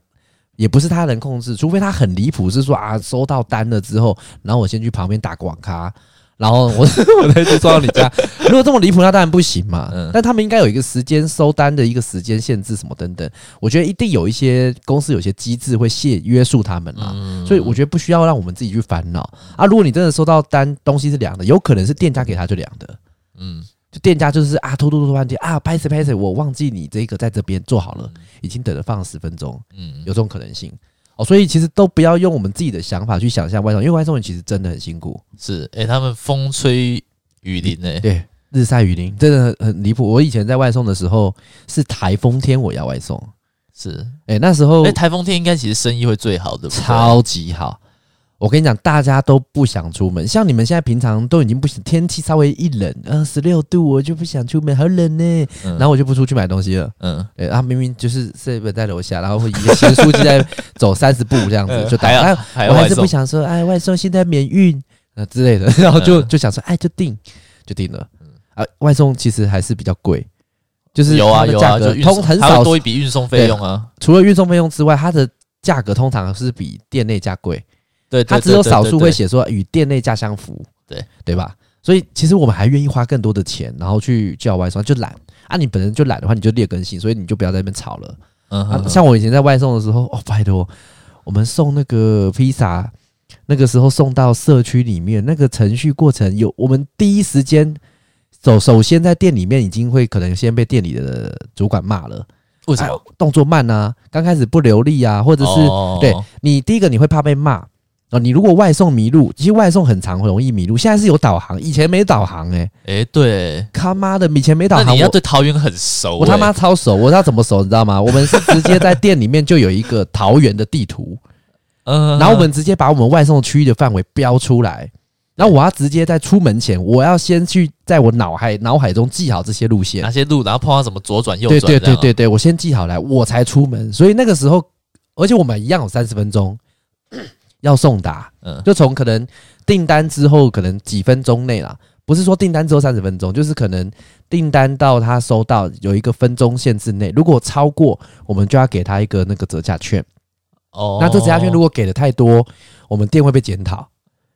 Speaker 1: 也不是他能控制，除非他很離譜，是說啊，收到單了之後，然後我先去旁邊打個網咖。 然後我我來去送到你家， 如果這麼離譜，那當然不行嘛。嗯，但他們應該有一個時間收單的一個時間限制，什麼等等，我覺得一定有一些公司有些機制會限約束他們嘛。嗯，所以我覺得不需要讓我們自己去煩惱啊。如果你真的收到單，東西是涼的，有可能是店家給他就涼的。
Speaker 2: 嗯，
Speaker 1: 就店家就是啊，偷偷偷偷忘記啊，歹勢歹勢，我忘記你這個在這邊做好了，嗯，已經等了放十分鐘。嗯，有這種可能性。哦，所以其實都不要用我們自己的想法去想象外送，因為外送員其實真的很辛苦。是，
Speaker 2: 誒、欸，他們風吹雨淋呢、欸？對，
Speaker 1: 日曬雨淋，真的很離譜。我以前在外送的時候是台風天，我要外送。
Speaker 2: 是，
Speaker 1: 誒、欸，那時候，誒、欸，
Speaker 2: 台風天應該其實生意會最好的，超
Speaker 1: 級好。我跟你講，大家都不想出門。像你們現在平常都已經不行，天氣稍微一冷啊，十六度我就不想出門，好冷呢、欸嗯。然後我就不出去買東西了。嗯，對、欸。然、啊、後明明就是設備 在樓下，然後會一個新書記在走三十步這樣子 就打。哎、啊啊，我還是不想說哎、啊，外送現在，在免運啊之類的，然後就、嗯、就想說哎、啊，就訂就訂了。嗯啊，外送其實還是比較貴，就是有啊有啊，有啊就通很少多一筆運送費用啊。除了運送費用之外，它的價格通常是比店內價貴。
Speaker 2: 對，對，他只有少數會寫
Speaker 1: 說與店內價相符，對對吧？所以其實我們還願意花更多的錢，然後去叫外送，就懶啊！你本身就懶的話，你就劣根性，所以你就不要在那邊吵了。嗯哼哼，啊、像我以前在外送的時候，哦，拜托，我們送那個披薩，那個時候送到社區裡面，那個程序過程有我們第一時間首首先在店裡面已經會可能先被店裡的主管罵了，為什麼？啊、動作慢啊，剛開始不流利啊，或者是哦哦哦哦哦對你第一個你會怕被罵。哦，你如果外送迷路，其實外送很長，很容易迷路。現在是有導航，以前沒導航，欸，哎，欸，哎，對，欸，他媽的，以前沒導航，我對桃園很熟，欸我，我他媽超熟，我知道怎麼熟，你知道嗎？ 我們是直接在店裡面就有一個桃園的地圖，嗯， 然後我們直接把我們外送區域的範圍標出來，然後我要直接在出門前，我要先去在我腦海腦海中記好這些路線，哪些路，然後碰到什麼左轉右轉，啊，對對對對對，我先記好來，我才出門，所以那個時候，而且我們一樣有三十分鐘。 要送達，嗯，就從可能訂單之後可能幾分鐘內啦，不是說訂單之後三十分鐘，就是可能訂單到他收到有一個分鐘限制內。如果超過，我們就要給他一個那個折價券。哦，那這折價券如果給的太多，我們店會被檢討。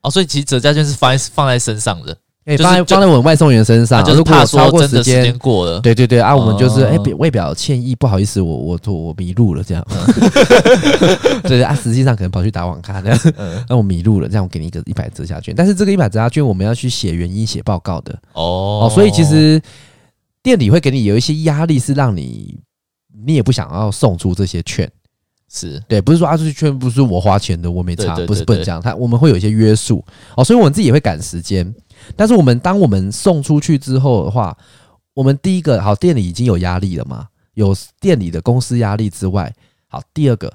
Speaker 1: 哦，所以其實折價券是放在放在身上的。哎、欸，放在放在我們外送員身上，啊、就是怕說如果超過時間過了，對對對啊，我們就是哎，為、嗯欸、表歉意，不好意思，我我我迷路了這樣。嗯、 對對啊，實際上可能跑去打網咖這樣，那、嗯啊、我迷路了，這樣我給你一個一百折價券。但是這個一百折價券我們要去寫原因、寫報告的哦，哦，所以其實店裡會給你有一些壓力，是讓你你也不想要送出這些券，是對，不是說啊，這券不是我花錢的，我沒差，對對對對對不是不能這樣，他我們會有一些約束哦，所以我們自己也會趕時間。但是我們當我們送出去之後的話，我們第一個好，店裡已經有壓力了嘛，有店裡的公司壓力之外，好，第二個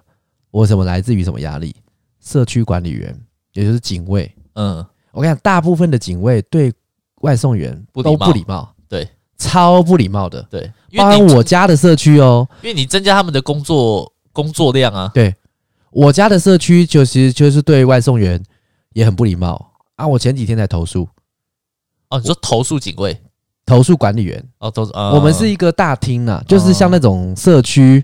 Speaker 1: 我什麼來自於什麼壓力？社區管理員，也就是警衛。嗯，我跟你講，大部分的警衛對外送員都不禮貌，不禮貌，對，超不禮貌的，對，因為包括我家的社區哦、喔，因為你增加他們的工作工作量啊，對，我家的社區就其實就是對外送員也很不禮貌啊，我前幾天才投訴。哦，你說投訴警衛，投訴管理員哦，投訴、哦，我們是一個大廳呢、啊，就是像那種社區，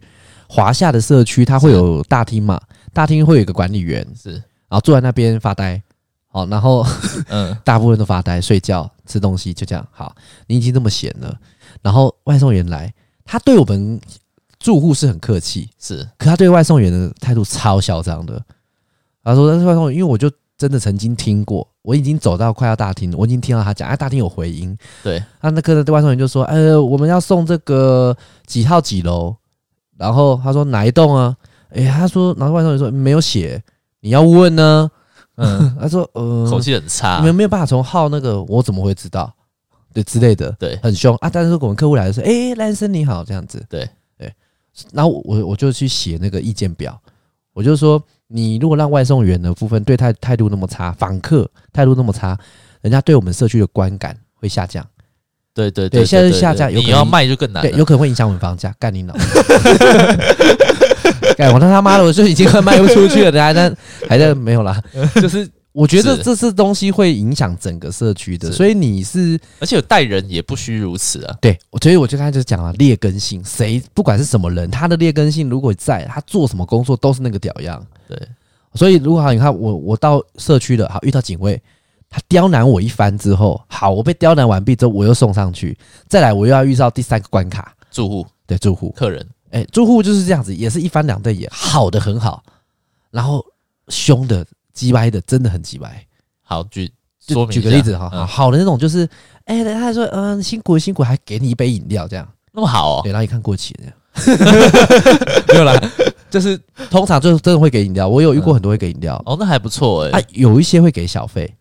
Speaker 1: 華、哦、夏的社區，它會有大廳嘛，大廳會有一個管理員，是，然後坐在那邊發呆，好，然後，嗯， 大部分都發呆、睡覺、吃東西，就這樣，好，你已經這麼閒了，然後外送員來，他對我們住戶是很客氣，是，可他對外送員的態度超囂張的，他說，但是外送員，因為我就。真的曾經聽過，我已經走到快要大廳，我已經聽到他講，哎、啊，大廳有回音。對，那、啊、那個外送員就說，呃，我們要送這個幾號幾樓，然後他說哪一棟啊？哎、欸，他說，然後外送員說沒有寫，你要問呢？嗯， 他說，呃，口氣很差，你們沒有辦法從號那個，我怎麼會知道？對，之類的，對，很凶啊。但是如果我們客戶來的時候，哎、欸，先生你好，這樣子，對對。那我我就去寫那個意見表，我就說。你如果讓外送員的部分對他態度那麼差，訪客態度那麼差，人家對我們社區的觀感會下降。
Speaker 2: 對對對，對，現在是下降，有可能你要賣就更難，對，有可
Speaker 1: 能會影響我們房價。幹 你腦腦！幹 我那他媽的，我就已經快賣不出去了， 但還在還在 沒有啦，就是。我覺得這些東西會影響整個社區的。所以你是，而且有待人也不須如此啊。對，所以我就開始講了劣根性，誰不管是什麼人，他的劣根性如果在，他做什麼工作都是那個屌樣。對，所以如果好，你看我我到社區了好遇到警衛，他刁難我一番之後，好，我被刁難完畢之後，我又送上去，再來我又要遇到第三個關卡，住戶對住戶客人，哎、欸，住戶就是這樣子，也是一番兩對也，也好的很好，然後凶的，雞歪的，真的很雞歪。
Speaker 2: 好，舉，說明舉個例子哈。好
Speaker 1: 的那種就是，哎、嗯欸，他說，嗯，辛苦辛苦，還給你一杯飲料，這樣那麼好哦。給阿姨看過期的 沒有啦。就是 通常就是真的會給飲料，我有遇過很多會給飲料、嗯。哦，那還不錯哎、欸啊。有一些會給小費、嗯，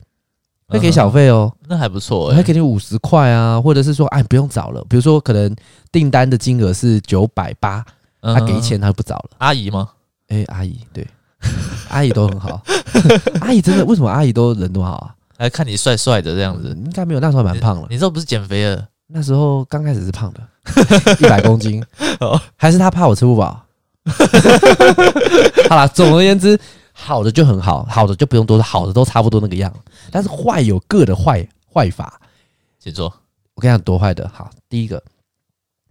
Speaker 1: 會給小費哦、喔，那還不錯、欸。會給你五十塊啊，或者是說，哎、啊，不用找了。比如說，可能訂單的金額是九百八，啊、給他給一千，他不找了、啊。阿姨嗎？哎、欸，阿姨，對。 阿姨都很好， 阿姨真的，為什麼阿姨都人多好啊？還看你帥帥的這樣子，嗯、應該沒有那時候蠻胖了。你那不是減肥了？那時候剛開始是胖的，一 百公斤。哦，還是他怕我吃不飽？ 好了，總而言之，好的就很好，好的就不用多說，好的都差不多那個樣。嗯、但是壞有各的壞壞法。
Speaker 2: 請說，
Speaker 1: 我跟你講多壞的。好，第一個，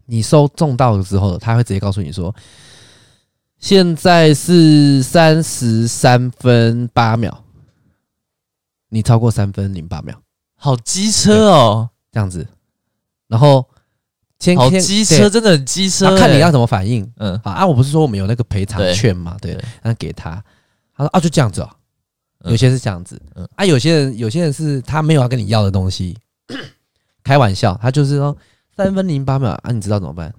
Speaker 1: 你收中到的之後，他會直接告訴你說。現在是三十三分八秒，你超過三分零八秒，好機車哦，這樣子，然後，天，機車，真的很機車、欸，他看你要怎麼反應，嗯好，啊，我不是說我們有那個賠償券嘛，對，那給他，他說啊，就這樣子、喔，
Speaker 2: 有些是
Speaker 1: 這樣子、嗯，啊，有些人，有些人是他沒有要跟你要的東西，嗯、開玩笑，他就是說三分零八秒、嗯、啊，你知道怎麼辦？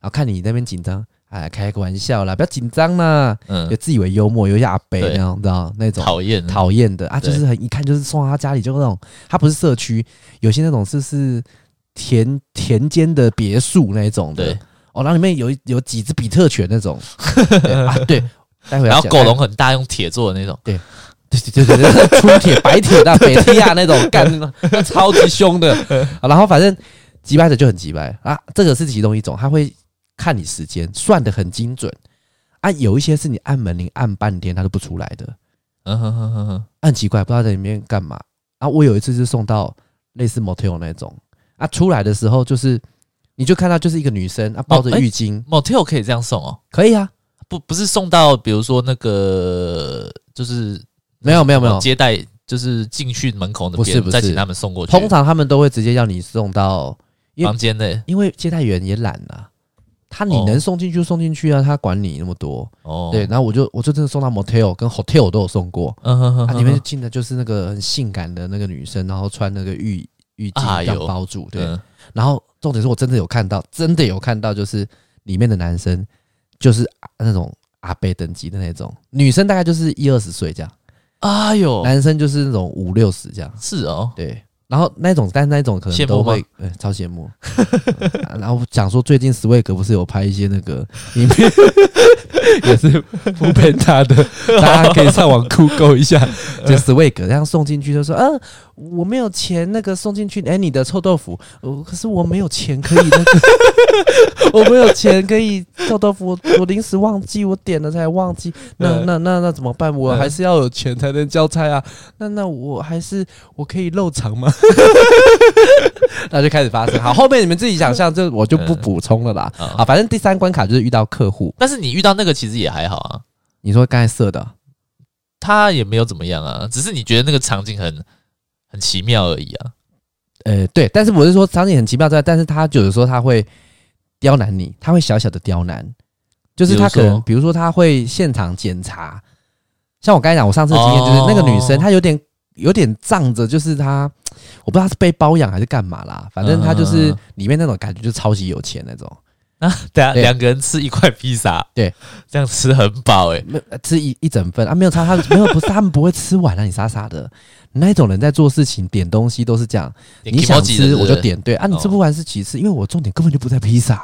Speaker 1: 啊，看你那邊緊張。哎，開個玩笑啦，不要緊張嘛。嗯，也自以為幽默，有點阿伯那種，知道嗎？那種討厭討厭的啊，就是很一看就是送到他家裡就那種，他不是社區，有些那種就是，是田田間的別墅那一種的。對哦，那裡面有有幾隻比特犬那種 啊，對，待會然後狗籠很大，用鐵做的那種。對，對對對對對，出鐵 白鐵的，北地亞那種，幹那 超級兇的、 啊。然後反正擊敗者就很擊敗啊，這個是其中一種，他會。看你時間算得很精準啊，有一些是你按門鈴按半天它都不出來的，嗯哼哼哼，哼、啊，按奇怪不知道在裡面幹嘛。啊，我有一次是送到類似 Motel 那種啊，出來的時候就是你就看到就是一個女生，她、啊、抱着浴巾、哦欸。Motel 可以這樣送哦，可以啊，不不是送到，比如說那個就是沒有沒有沒有接待就是進去門口的不邊再請他們送過去，通常他們都會直接要你送到房間內，因為接待員也懶啊。他你能送進去就送進去啊，他管你那麼多哦。
Speaker 2: Oh. 對，然
Speaker 1: 後我就我就真的送到 motel 跟 hotel 都有送過。嗯哼哼。裡面進的就是那個很性感的那個女生，然後穿那個浴浴巾，這樣包住。對。Uh -huh. 然後重點是我真的有看到，真的有看到，就是裡面的男生就是、啊、那種阿伯等級的那種，女生大概就是一二十歲這樣。哎呦。男生就是那種五六十這樣。Uh -huh. 是哦。對。然後那種，但那種可能都會，哎、欸，超羨慕、 啊。然後講說，最近斯威格不是有拍一些那個影片， 也是不配他的， 大家可以上網 Google 一下， 就斯威格這樣送進去，就說，呃、啊，我沒有錢，那個送進去，哎、欸，你的臭豆腐、呃，可是我沒有錢可以、那個， 我沒有錢可以臭豆腐，我我臨時忘記，我點了才忘記，那那那那，那，那怎麼辦？我還是要有錢才能交差啊，那那我還是我可以肉償嗎？ 那就開始發生。好，後面你們自己想象，這我就不補充了吧？啊、嗯，反正第三關卡就是遇到客戶，但是你遇到那個其實也還好啊。你說剛才色的，他也沒有怎麼樣啊，只是你覺得那個場景很很奇妙而已啊。呃，對，但是我是說場景很奇妙之外，但是他有的時候他會刁難你，他會小小的刁難，
Speaker 2: 就是他可能比如，
Speaker 1: 比如說他會現場檢查，像我剛才講，我上次的經驗就是那個女生她、哦、有點。有點仗着，就是他，我不知道是被包養還是幹嘛啦。反正他就是裡面那種感覺，就超級有錢那種。嗯、啊，對啊，兩個人吃一塊披薩，對，這樣吃很飽哎、欸，沒吃一一整份啊，沒有差，他沒有，不是他們不會吃完啊，你傻傻的， 那一種人在做事情點東西都是這樣，你想吃我就點，對、嗯、對啊，你吃不完是其次，因為我重點根本就不在披薩，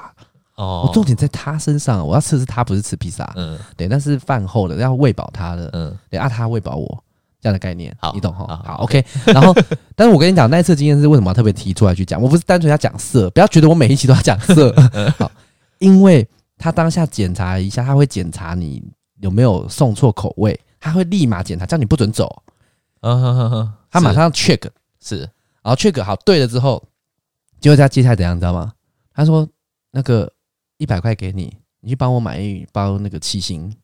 Speaker 1: 哦、嗯，我重點在他身上，我要吃的是他，不是吃披薩，嗯，對，那是飯後的，要餵飽他的，嗯，對啊，他餵飽我。這樣的概念，好，你懂哈？好，好，OK。 然後，但是我跟你講，那一次經驗是為什麼要特別提出來去講？我不是單純要講色，不要覺得我每一期都要講色。好，因為他當下檢查一下，他會檢查你有沒有送錯口味，他會立馬檢查，叫你不准走。嗯哼
Speaker 2: 哼哼，他馬上
Speaker 1: 要 check，是，是，然後 check 好對了之後，結果他接下來怎樣，你知道嗎？他說那個一百塊給你，你去幫我買一包那個七星，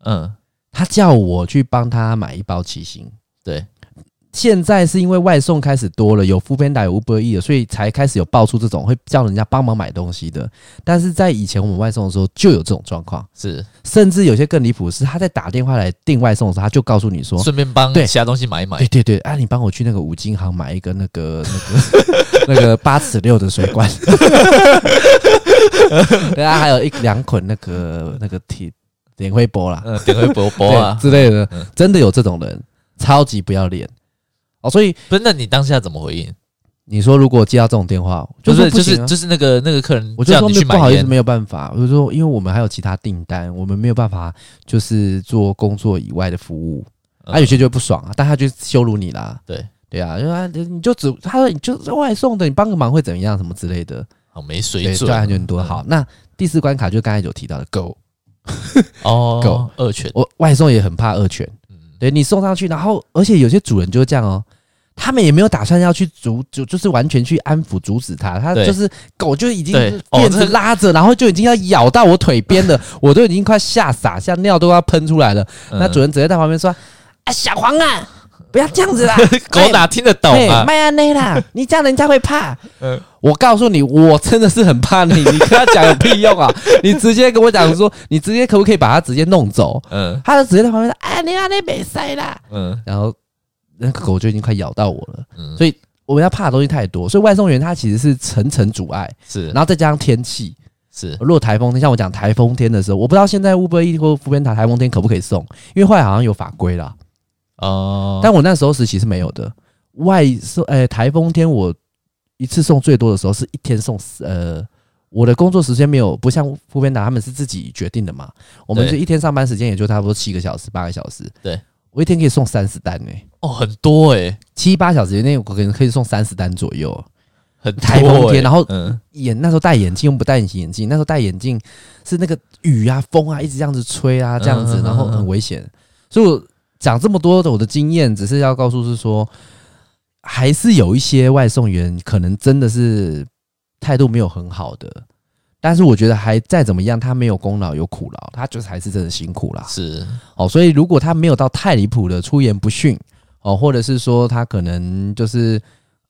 Speaker 1: 嗯。他叫我去幫他買一包七星，對。現在是因為外送開始多了，有 foodpanda 有 Uber Eats 的，所以才開始有爆出這種會叫人家幫忙買東西的。但是在以前我們外送的時候就有這種狀況，是。甚至有些更離譜，是他在打電話來訂外送的時候，他就告訴你說：“順便幫對其他東西買一買。”對對對，啊，你幫我去那個五金行買一個那個那個 那個八尺六的水管，對啊，還有一兩捆那個那個鐵。點會播啦，嗯，點會播播啊 之類的，嗯，真的有這種人，超級不要臉哦。所以不是，那你當下怎麼回應？你說如果接到這種電話，就是，啊，就是就是那個那個客人去買，我就說不好意思，沒有辦法。我就說因為我們還有其他訂單，我們沒有辦法就是做工作以外的服務。他，嗯啊，有些就不爽啊，但他就羞辱你啦。對對啊，因為、啊，你就只他就說你就是外送的，你幫個忙會怎樣什麼之類的。好，
Speaker 2: 沒水準賺安全
Speaker 1: 多，嗯，好。那第四關卡就剛才有提到的 Go。哦， 狗惡犬，我外送也很怕惡犬、嗯。對，你送上去，然後而且有些主人就這樣哦、喔，他們也沒有打算要去阻，就就是完全去安撫阻止他，他就是狗就已經就變成拉着，然後就已經要咬到我腿邊了， 我都已經快嚇傻，嚇尿都要噴出來了、嗯。那主人直接在旁邊說：“啊，小黃啊。”不要這樣子啦！ 狗哪聽得懂啊？麥安內啦！ 你這樣人家會怕。嗯、我告訴你，我真的是很怕你。你跟他講有屁用啊！ 你直接跟我講說，你直接可不可以把它直接弄走？嗯，他就直接在旁邊說：“哎、欸，你那你沒塞啦。”嗯，然後那個狗就已經快咬到我了。嗯、所以我們要怕的東西太多，所以外送員他其實是層層阻礙。是，然後再加上天氣，是。如果台風天，像我講台風天的時候，我不知道現在 Uber Eats 或 foodpanda 台風天可不可以送，因為後來好像有法規啦。
Speaker 2: 哦、uh,，但
Speaker 1: 我那時候實習是沒有的。外送，誒、欸，台風天我一次送最多的時候是一天送，呃，我的工作時間沒有，不像富胖達他們是自己決定的嘛，我們就一天上班時間也就差不多七個小時八個小時，對，我一天可以送三十單呢、欸。哦、oh,，很多誒、欸，七八小時以內我可能可以送三十單左右，很台、欸、風天，然後演嗯，眼那時候戴眼鏡，我們不戴隱形眼鏡，那時候戴眼鏡是那個雨啊風啊一直這樣子吹啊這樣子，uh, uh, uh, uh. 然後很危險，所以我。講這麼多的我的經驗，只是要告訴是說，還是有一些外送員可能真的是態度沒有很好的，但是我覺得還再怎麼樣，他沒有功勞有苦勞，他就是還是真的辛苦啦。是哦，所以如果他沒有到太離譜的出言不遜哦，或者是說他可能就是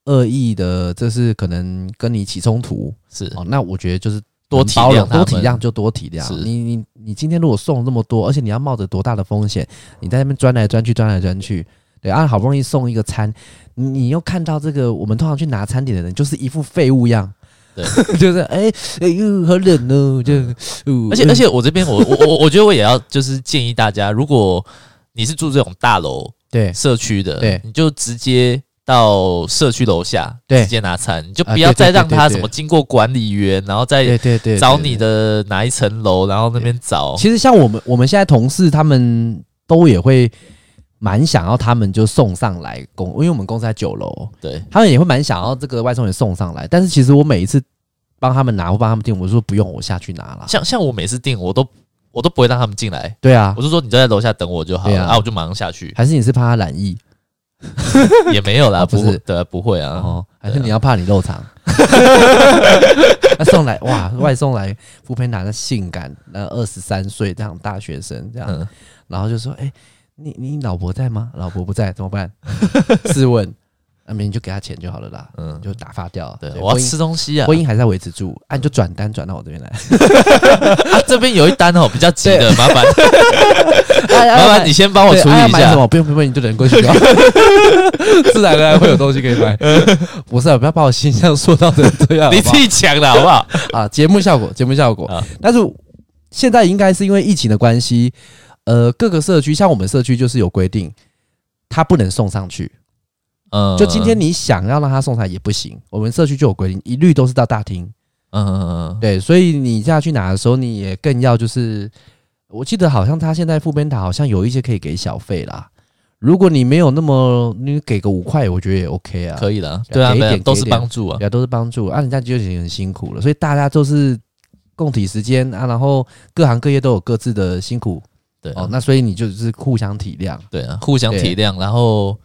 Speaker 1: 惡意的，就是可能跟你起衝突是哦，那我覺得就是。多體諒，多體諒就多體諒。你你你今天如果送這麼多，而且你要冒着多大的風險，你在那邊鑽來鑽去，鑽來鑽去，對啊，好不容易送一個餐，你，你又看到這個我們通常去拿餐點的人，就是一副廢物樣，對， 就是哎哎喲，好冷哦、喔，就，嗯、而且而且我這邊我 我我我覺得我也要就是建議大家，如果你是住這種大樓對社區的，對，你就直接。到社區樓下，對，直接拿餐，你就不要再讓他什麼經過管理員，啊對對對對對，然後再找你的哪一層樓，然後那邊找。其實像我們我們現在同事他們都也會蠻想要，他們就送上來公，因為我們公司在九樓，對，他們也會蠻想要這個外送員送上來。但是其實我每一次幫他們拿或幫他們訂，我就說不用，我下去拿了。像像我每次訂，我都我都不會讓他們進來。對啊，我就說你就在樓下等我就好了，然後啊，我就馬上下去。還是你是怕他染疫？ 也沒有啦， 就是、不是，對，不會啊，哦、還
Speaker 2: 是你要怕你肉腸？ 啊、送來哇，外送
Speaker 1: 來不配拿個性感，那二十三歲這樣大學生這樣，嗯、然後就說，哎、欸，你你老婆在嗎？老婆不在怎麼辦？試 問。那、啊、你就給他錢就好了啦，嗯，就打發掉。對，我要吃東西啊，婚姻還在維持住，按、啊嗯、就轉單轉到我這邊來。 啊、這邊有一單哦，比較急的，麻煩，麻煩、哎哎、你先幫我處理一下。不用、哎哎、不用，你就等過去。
Speaker 2: 自然而然會有東西可以買，
Speaker 1: 不是，我不要把我形象塑造的這樣好好。你自己講的好不好？ 啊，節目效果，節目效果。但是現在應該是因為疫情的關係，呃，各個社區像我們社區就是有規定，他不能送上去。嗯，就今天你想要讓他送菜也不行，我們社區就有規定，一律都是到大廳。嗯嗯嗯，嗯，對，所以你下去拿的時候，你也更要就是，我記得好像他現在 foodpanda 好像有一些可以給小費啦。如果你沒有那麼，你給個五塊，我覺得也 OK 啊。可以的，對啊，對啊對啊對啊給，一點都是幫助啊，對啊都是幫助。啊，人家就已經很辛苦了，所以大家都是共體時艱啊，然後各行各業都有各自的辛苦。對、啊、哦，那所以你就是互相體諒，對啊，互相體
Speaker 2: 諒、啊，然後。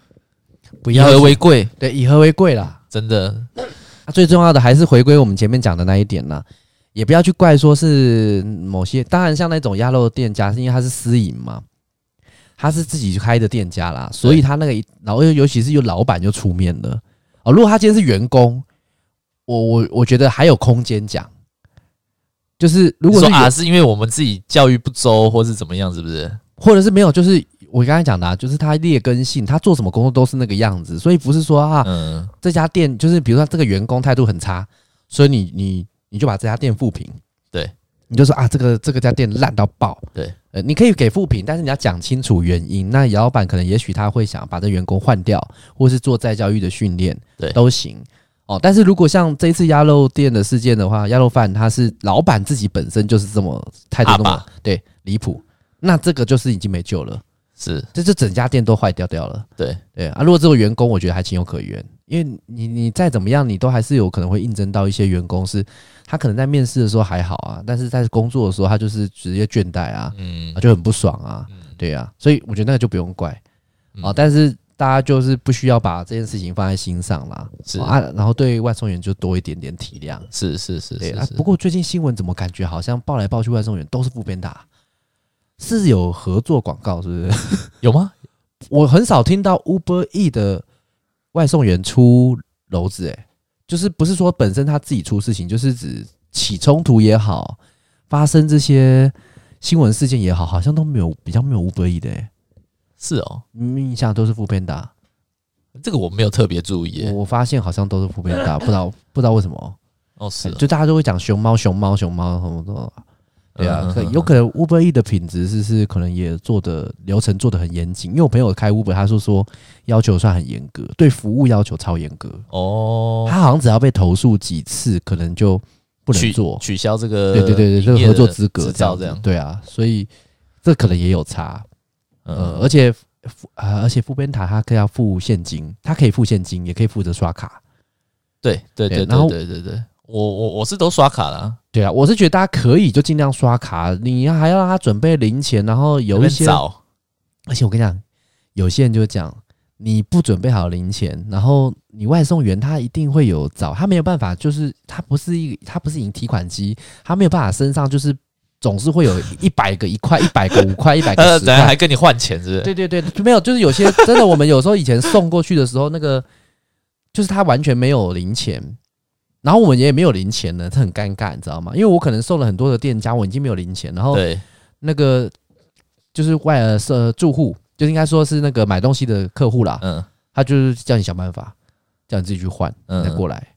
Speaker 2: 不以和為貴，
Speaker 1: 對，以和為貴啦，真的、啊。最重要的還是回歸我們前面講的那一點啦，也不要去怪說是某些，當然像那種鴨肉店家，是因為他是私營嘛，他是自己開的店家啦，所以他那個然後又，尤其是有老板就出面了。哦，如果他今天是員工，我我我覺得還有空間講，就是如果是說啊，是因為我們自己教育不周，或是怎麼樣，是不是？或者是沒有，就是。我剛才講的啊，就是他劣根性，他做什麼工作都是那個樣子，所以不是說啊，嗯、這家店就是比如說這個員工態度很差，所以你你你就把這家店負評，
Speaker 2: 對，
Speaker 1: 你就說啊，這個這個家店爛到爆，對，呃，你可以給負評，但是你要講清楚原因。那姚老板可能也許他會想把這員工換掉，或是做再教育的訓練，對，都行哦。但是如果像這一次鴨肉店的事件的話，鴨肉飯他是老板自己本身就是這麼態度那麼對離譜，那這個就是已經沒救了。是，就這整家店都壞掉掉了。對對啊，如果這個員工，我覺得還情有可原，因為你你再怎麼樣，你都還是有可能會應徵到一些員工，是他可能在面試的時候還好啊，但是在工作的時候他就是直接倦怠啊，嗯，啊、就很不爽啊，對啊，所以我覺得那個就不用怪啊、嗯，但是大家就是不需要把這件事情放在心上啦。是啊，然後對外送員就多一點點體諒，是是是，是，對。啊、不過最近新聞怎麼感覺好像報來報去外送員都是副編打。是有合作廣告是不是？有嗎？ 我很少聽到 Uber E 的外送員出簍子誒、欸、就是不是說本身他自己出事情，就是指起衝突也好，發生這些新聞事件也好，好像都沒有比較沒有 Uber E 的誒、欸、是哦、喔，印、嗯、象都是 Foodpanda。這個我沒有特別注意、欸，我發現好像都是 Foodpanda，不知道不知道為什麼哦，是、
Speaker 2: 喔欸、就
Speaker 1: 大家都會講熊貓熊貓熊貓什麼的。
Speaker 2: 對啊，有
Speaker 1: 可能 Uber E 的品質是是可能也做的流程做的很嚴謹，因為我朋友開 Uber，他就說要求算很嚴格，對服務要求超嚴格哦。他好像只要被投訴幾次，可能就
Speaker 2: 不能做取，取消這個，對對對對，這個合作資格，這這樣對
Speaker 1: 啊，所以這可能也有差。呃、嗯嗯嗯，而且付而且 foodpanda 他可以要付現金，他可以付現金，也可以負責刷卡。
Speaker 2: 對對對，然後對對對。我我我是都刷卡啦，
Speaker 1: 對啊，我是覺得大家可以就盡量刷卡，你還要讓他準備零錢，然後有一些，而且我跟你講，有些人就講你不準備好零錢，然後你外送員他一定會有找，他沒有辦法，就是他不是一他不是銀提款機，他沒有辦法身上就是總是會有一百個一塊，一百個五塊，一百個十塊，還跟你換錢是不是？對對對，對，沒有，就是有些真的，我們有時候以前送過去的時候，那個就是他完全沒有零錢。然後我們也沒有零錢了，這很尷尬，你知道嗎？因為我可能收了很多的店家，我已經沒有零錢。然後那個就是外呃，是住戶，就應該說是那個買東西的客戶啦。嗯，他就是叫你想辦法，叫你自己去換嗯嗯再過來。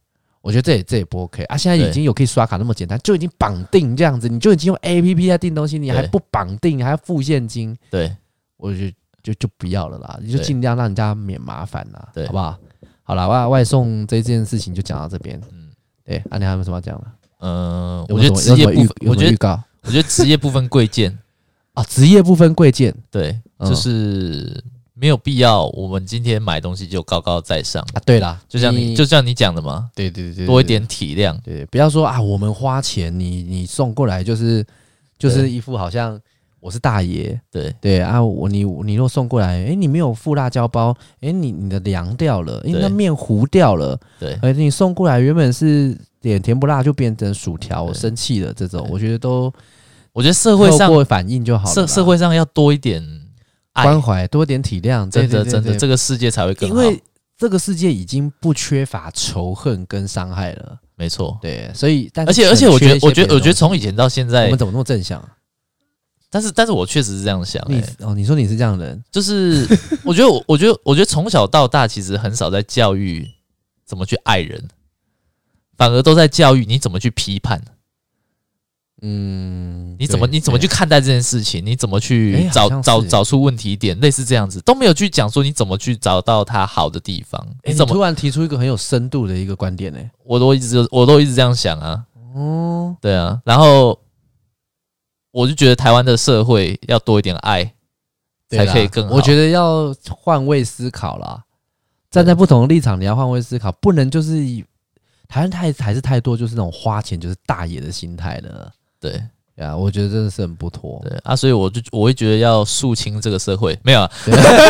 Speaker 1: 我覺得這也這也不 OK 啊！現在已經有可以刷卡那麼簡單，就已經綁定這樣子，你就已經用 APP 在訂東西，你還不綁定，你還要付現金。對，我覺得就就就不要了啦，你就盡量讓人家免麻煩啦，對，好不好？好了，外外送這件事情就講到這邊。嗯哎、欸，那、啊、你還有什麼講的、啊？
Speaker 2: 嗯，我覺得職業不分，我覺得
Speaker 1: 我覺得職業不分貴賤 啊，職業不分貴賤，對，就是沒有必要。我們今天買東西就高高在上啊？對、嗯、啦，就像你，嗯、就像你講的嘛。對對，對對對，多一點體諒，對，不要說啊，我們花錢，你你送過來就是就是一副好像。我是大爺，對對啊，我你你若送過來，哎、欸，你沒有付辣椒包，哎、欸，你你的涼掉了，因為麵糊掉了，對，而你送過來原本是點甜不辣，就變成薯條，我生氣了。這種我覺得都，我覺得社會上反應就好，社社會上要多一點關懷，多一點體諒，真的真的，這個世界才會更好。因為這個世界已經不缺乏仇恨跟傷害了，沒錯，對，所以，但而且而且我覺得，我覺得我覺得我覺得從以前到現在，我們怎麼那麼正向？但是，但是我確實是這樣想的、欸、哦，你說你是這樣的人，就是我覺得，我我覺得，我覺得從小到大其實很少在教育怎麼去愛人，反而都在教育你怎麼去批判。嗯，你怎麼你怎麼去看待這件事情？你怎麼去找找、欸、找，找出問題點？類似這樣子都沒有去講說你怎麼去找到他好的地方？你、欸、怎麼你突然提出一個很有深度的一個觀點呢、欸？我都一直我都一直這樣想啊。哦，對啊，然後。
Speaker 2: 我就覺得台灣的社會要多一點愛，才可以更好。我覺得
Speaker 1: 要換位思考啦，站在不同的立場，你要換位思考，不能就是台灣太還是太多，就是那種花錢就是大爺的心態呢對，對，啊，我覺得真的是很不妥。對
Speaker 2: 啊，所以我就我會覺得要肅清這個社會。沒有、啊，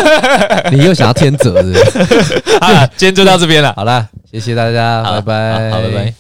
Speaker 2: 你又想要夭折是不是？好 了、啊，
Speaker 1: 今天就到這邊了。好了，謝謝大家，拜拜好好，好，拜拜。